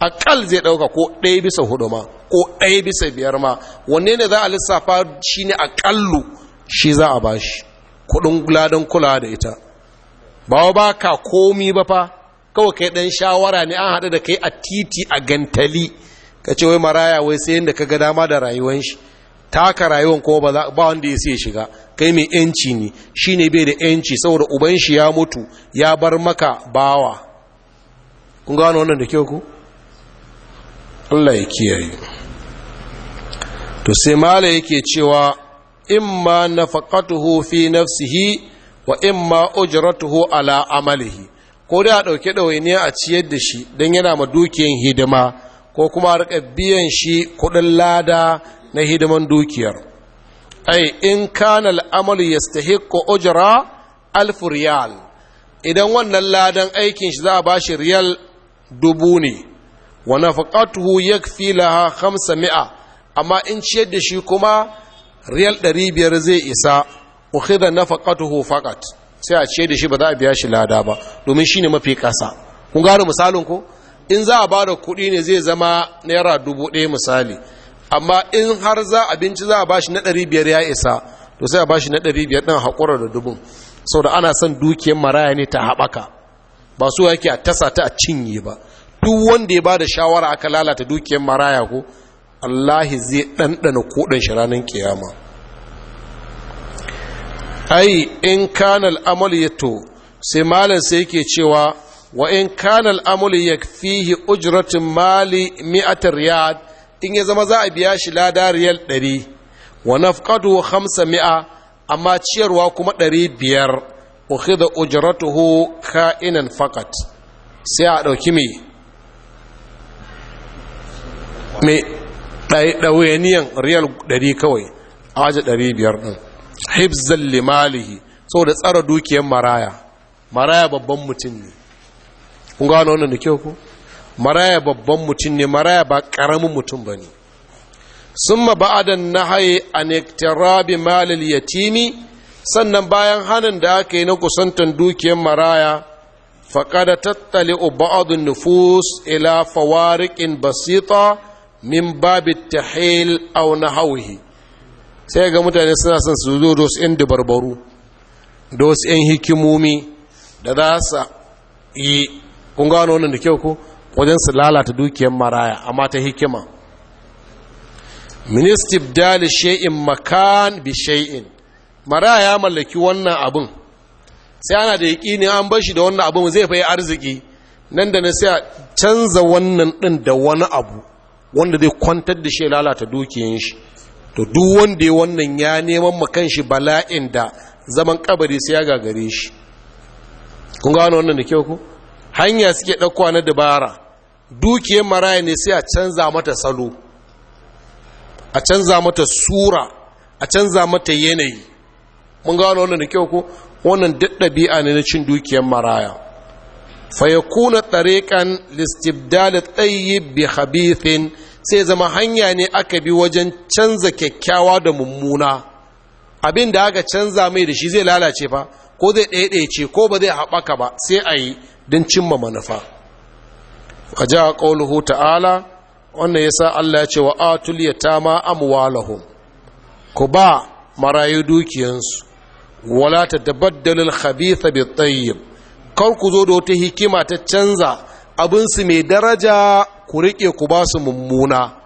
akal zai ɗauka ko ɗaya bisa hudu ma ko ɗaya bisa biyar ma wanne ne za a lissafa shi ne akallu shi za a bashi kudin ladan kula da ita ba ba ka komi ba fa kawai kai dan shawara ne an haɗu da kai a titi a gantali ka ce wai maraya wai sai da ka ga dama da rayuwan shi taka rayuwan ko ba wanda ya sai shiga kai mai yanci ne shi ne bai da yanci saboda uban shi ya mutu ya bar maka bawa kun gano wannan da kyau ku Allah ya kiyaye to sai mala yake cewa imma nafaqatuhu fi nafsihi wa imma ujratuhu ala amalihi ko da a ɗauke ɗawainiya a ciyar da shi don yana ma dukiyan hidima ko kuma rika biyan shi kuɗin lada na hidiman dukiyar ai in kana al'amalu yastahiqqu ujra alf riyal idan wannan ladan aikin shi za a bashi riyal dubu ne wa nafaqatuhu yakfi laha mi'a amma in ciyar da shi kuma riyal ɗari biyar zai isa ukhidha nafaqatuhu faqat sai a ce da shi ba za a biya shi lada ba domin shine mafi kasa kun gane misalin ko in za a ba da kuɗi ne zai zama naira dubu ɗaya misali amma in har za abinci za a ba shi na ɗari biyar ya isa to sai a ba shi na ɗari biyar ɗin haƙura da dubun saboda ana son dukiyar maraya ne ta haɓaka ba su yake a tasa ta a cinye ba duk wanda ya ba da shawara aka lalata dukiyar maraya ko allahi zai ɗanɗana kuɗin shi ranar kiyama ai in kanal amal yato sai malin sai yake cewa wa in kanal amal ya fihi ujratin mali mi'atar riyad in ya zama za a biya shi lada riyal ɗari wa nafqatu hamsa mi'a amma ciyarwa kuma ɗari biyar ukhidha ujratuhu ka'inan fakat sai a ɗauki me ɗawainiyan riyal ɗari kawai a waje ɗari biyar ɗin hibzan limalihi da tsara dukiyar maraya maraya babban mutum ne kun gano wannan da kyau ku maraya babban mutum ne maraya ba ƙaramin mutum ba ne sun ma ba'adan na haye a nektarabi malil yatimi sannan bayan hannun da aka yi na kusantan dukiyar maraya faƙada tattali ba'adun nufus ila fawarikin basita min babi tahil na hauhi sai ga mutane suna son su zo dos in 'yan dabarbaru da hikimomi da za su yi kun gano wannan da kyau ko wajen su lalata dukiyar maraya amma ta hikima ministib dali shay'in makan bi shay'in maraya ya mallaki wannan abin sai ana da yaƙini an bar shi da wannan abin zai fayi arziki nan da na sai canza wannan ɗin da wani abu wanda zai kwantar da shi lalata dukiyan shi to duk wanda ya wannan ya neman makan shi bala'in da zaman kabari sai ya gagare shi kun gano wannan da kyau ko hanya suke ɗaukowa na dabara dukiyan maraya ne sai a canza mata salo a canza mata sura a canza mata yanayi mun gano wannan da kyau ko wannan duk ɗabi'a ne na cin dukiyar maraya fayakuna tariqan listibdal tayyib bi khabithin sai zama hanya ne aka bi wajen canza kyakkyawa da mummuna abin da aka canza mai da shi zai lalace fa ko zai ɗaiɗaice ko ba zai haɓaka ba sai a yi don cimma manufa a ji a ƙaunuhu ta'ala wannan ya sa Allah ya ce wa atul yatama amwalahum ku ba marayu dukiyansu wala ta tabaddalul khabitha bi tayyib kar ku zo da wata hikima ta canza su mai daraja ku riƙe ku ba su mummuna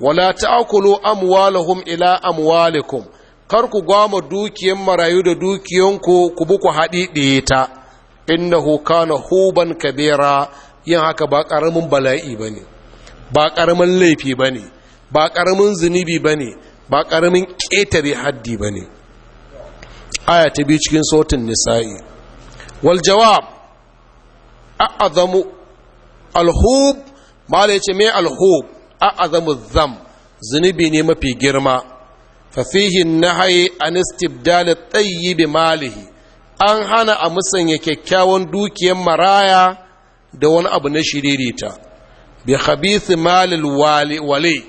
wala ta'kulu amwalahum ila amwalikum kar ku gwama dukiyan marayu da dukiyanku ku bi ku haɗi ɗaya ta innahu kana huban kabira yin haka ba ƙaramin bala'i bane ba ƙaramin laifi bane ba ƙaramin zunubi bane ba ƙaramin ƙetare haddi bane aya ta biyu cikin sautin nisa'i wal jawab a'azamu alhub mala yace me alhub a'azamu zam zunubi ne mafi girma fa fihi nahyi an istibdal malihi an hana a musanya kyakkyawan dukiyar maraya da wani abu na shiririta bi khabith malil wali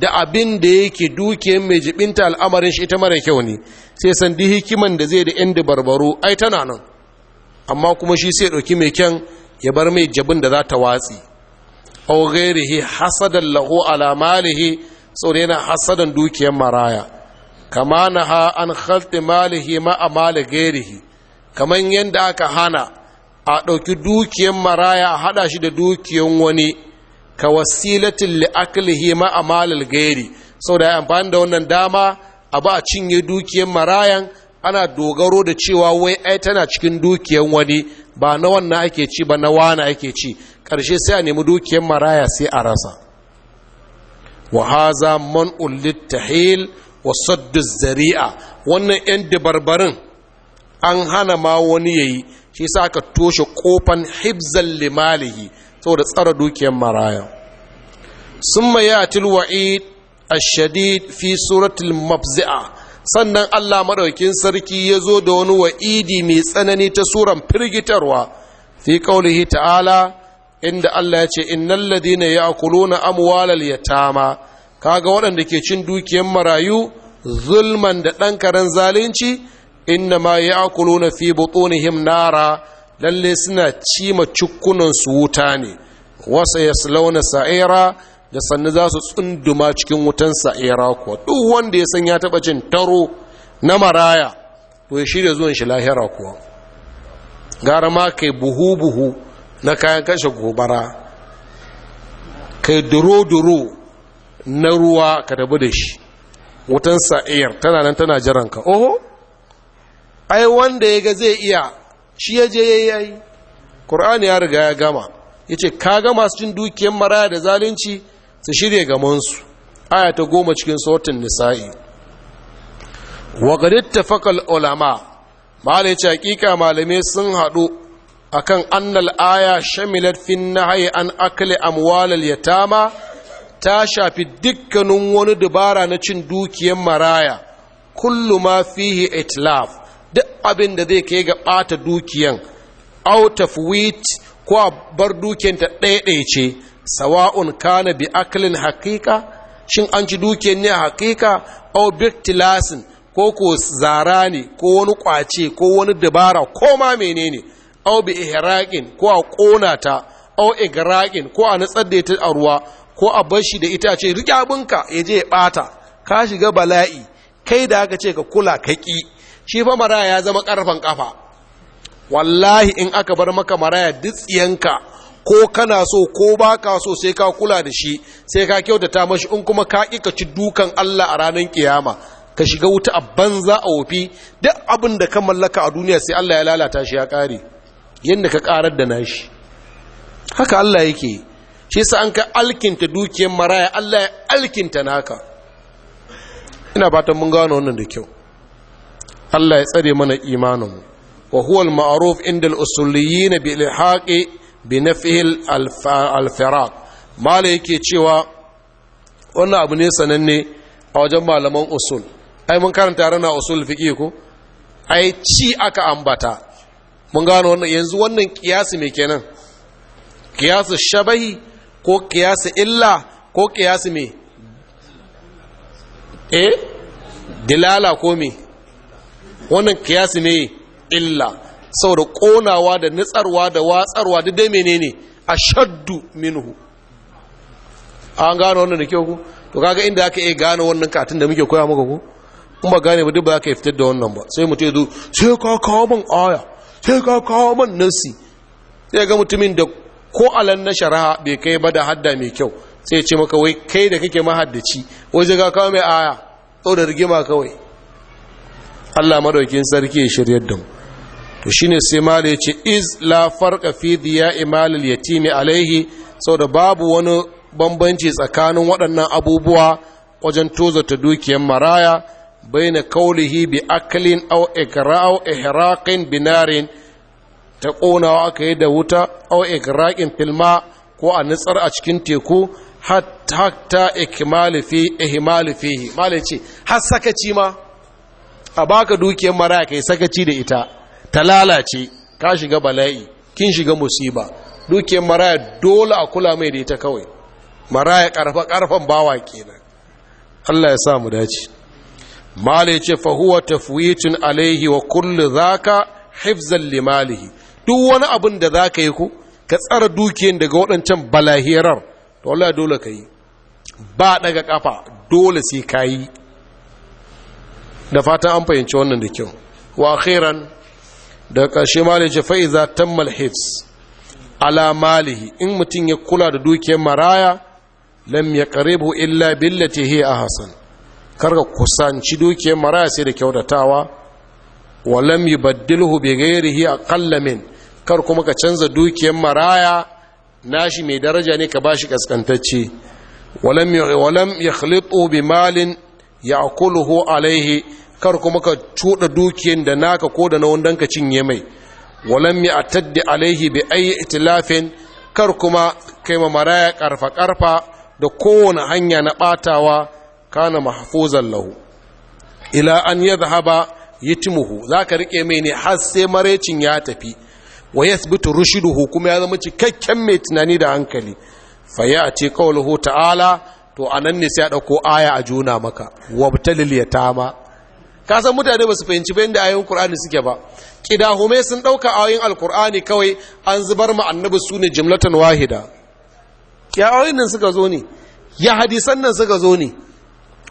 da abin da yake dukiyar mai jibinta al'amarin shi ita mara kyau ne sai sandi hikiman da zai da yan barbaro ai tana nan amma kuma shi sai ɗauki mai kyan ya bar mai jabin da za ta watsi au ghairihi hasadan lahu ala malihi saboda yana hasadan dukiyar maraya kama ha an khalti malihi ma a mali ghairihi kamar yadda aka hana a ɗauki dukiyar maraya a haɗa shi da dukiyar wani ka wasilatin li'aklihi ma a malil gairi saboda ya amfani da wannan dama a ba a cinye dukiyar marayan ana dogaro da cewa wai ai tana cikin dukiyan wani ba na wannan ake ci ba na wani ake ci ƙarshe sai a nemi dukiyan maraya sai a rasa wa haza man ullit tahil wa saddu zari'a wannan yan dabarbarin an hana ma wani yayi shi sa aka toshe kofan hibzan limalihi saboda tsara dukiyan maraya summa ya tilwa'id fi suratul سورة المفزعة sannan Allah madaukin sarki ya zo da wani wa'idi mai tsanani ta suran firgitarwa fi kaulihi ta'ala inda Allah ya ce innal ladina ya'kuluna amwalal yatama kaga waɗanda ke cin dukiyar marayu zulman da ɗan karen zalunci inna ma ya'kuluna fi butunihim nara lalle suna cima cukkunan su wuta ne wasa yaslauna sa'ira da sannu za su tsunduma cikin wutan sa'ira kuwa duk wanda ya san ya taɓa cin taro na maraya to ya shirya zuwan shi lahira kuwa gara ma kai buhu-buhu na kayan kashe gobara kai duro-duro na ruwa ka tabi da shi wutan sa'ir tana nan tana jiran ka, oho ai wanda ya ga zai iya shi ya je ya yi ƙur'ani ya riga ya gama ya ce ka ga masu cin dukiyar maraya da zalunci su shirya gamansu aya ta goma cikin sautin nisa'i wa gadit fakal ulama malai ce hakika malamai sun haɗu akan annal aya shamilat fin nahyi an akli amwalal yatama ta shafi dukkanin wani dubara na cin dukiyar maraya kullu ma fihi itlaf duk abin da zai kai ga ɓata dukiyan out of wheat ko a bar dukiyanta ɗaya ce sawa'un kana bi aklin haƙiƙa shin an ci duke ne a Au aw biktilasin ko ko zara ne ko wani ƙwace ko wani dabara ko ma menene Au bi ihraqin ko a ƙona ta au igraqin ko a nutsar da ita a ruwa ko a bar shi da ita ce rike abinka ya je ya ɓata. ka shiga bala'i kai da aka ce ka kula ka ƙi. shi fa maraya ya zama ƙarfan ƙafa. wallahi in aka bar maka maraya dutsiyanka ko kana so ko ba ka so sai ka kula da shi sai ka kyautata mashi in kuma ka ƙi ka ci dukan Allah a ranar kiyama ka shiga wuta a banza a wofi duk abin da ka mallaka a duniya sai Allah ya lalata shi ya ƙare yadda ka ƙarar da nashi haka Allah yake shi sa an ka alkinta dukiyar maraya Allah ya alkinta naka ina fatan mun gano wannan da kyau Allah ya tsare mana imanin wa huwa al-ma'ruf inda al-usuliyyin bil-haqi bi nafihil alfirak mala yake cewa wannan abu ne sananne a wajen malaman usul ai mun karanta rana usul fiqi ko ai ci aka ambata mun gano wannan yanzu wannan kiyasi me kenan kiyasi shabahi ko kiyasi illa ko kiyasi me eh dilala ko me wannan kiyasi ne illa saboda ƙonawa da nitsarwa da watsarwa duk dai menene a shaddu minhu an gano wannan da kyau ku to kaga inda aka iya gano wannan katin da muke koya maka ku in ba gane ba duk ba ka yi fitar da wannan ba sai mutum zo sai ka kawo man aya sai ka kawo man nasi sai ga mutumin da ko alan na shari'a bai kai ba da hadda mai kyau sai ce maka wai kai da kake mahaddaci wai zai ka kawo mai aya da rigima kawai Allah madaukin sarki ya shiryar da mu to shine sai mala ya ce iz la farqa fi diya imalil yatimi alaihi saboda babu wani bambanci tsakanin waɗannan abubuwa wajen tozata dukiyar maraya baina kaulihi bi aklin aw ikra'u ihraqin binarin ta wa aka yi da wuta aw ikraqin filma ko a nutsar a cikin teku hatta ikmal fi ihmal fihi mala ce har sakaci ma a baka dukiyar maraya kai sakaci da ita ta lalace ka shiga bala'i kin shiga musiba duke maraya dole a kula mai da ita kawai maraya karfa karfan bawa kenan Allah ya sa mu dace mala ce fa huwa tafwitun alaihi wa kullu zaka hifzan limalihi duk wani abin da zaka yi ku ka tsara dukiyar daga waɗancan balahirar to Allah dole ka yi ba daga kafa dole sai ka yi da fatan an fahimci wannan da kyau wa khairan daga ƙarshe malin ce fa'iza tammal hifs ala malihi in mutum ya kula da dukiyar maraya lam ya karibu illa billati hiya ahsan karka kusanci dukiyar maraya sai da kyautatawa wa lam baddilhu bi a aqalla min kar kuma ka canza dukiyar maraya nashi mai daraja ne ka bashi kaskantacce walam walam yakhlitu bi malin ya'kuluhu alaihi kar kuma ka cuɗa dukiyan da naka ko da na wundan ka cinye mai walam a ataddi alaihi bi ayi itilafin kar kuma kai ma maraya karfa karfa da kowane hanya na ɓatawa. kana mahfuzan lahu ila an yadhhaba Za zaka rike mai ne har sai marecin ya tafi wa yathbutu rushduhu kuma ya zama cikakken mai tunani da hankali fa a ce qawluhu ta'ala to anan ne sai a dauko aya a juna maka wabtalil yatama ka san mutane ba su fahimci bayan da ayoyin qur'ani suke ba kidahume sun dauka ayoyin alqur'ani kawai an zubar ma annabi su ne jumlatan wahida ya ayoyin nan suka zo ne ya hadisan nan suka zo ne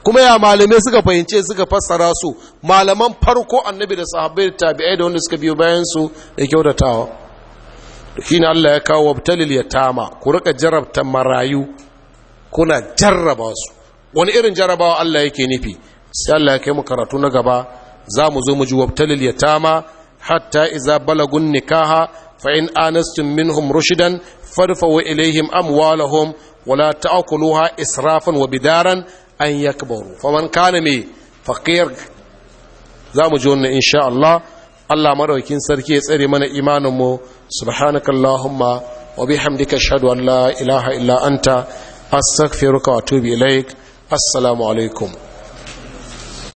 kuma ya malamai suka fahimce suka fassara su malaman farko annabi da sahabbai da tabi'ai da wanda suka biyo bayan su da kyautatawa shine Allah ya kawo wabtalil yatama ku rika jarabta marayu kuna jarraba su wani irin jarabawa Allah yake nufi sai Allah ya kai mu karatu na gaba za mu zo mu ji wabtalil tama hatta iza balagun nikaha fa in anastum minhum rushidan fadfa'u ilaihim amwalahum wala ta'kuluha israfan wa bidaran an yakbaru faman kana me faqir za mu ji wannan insha Allah Allah madaukin sarki ya tsare mana imanin mu subhanakallahumma wa bihamdika ashhadu an la ilaha illa anta astaghfiruka wa atubu ilaik assalamu alaikum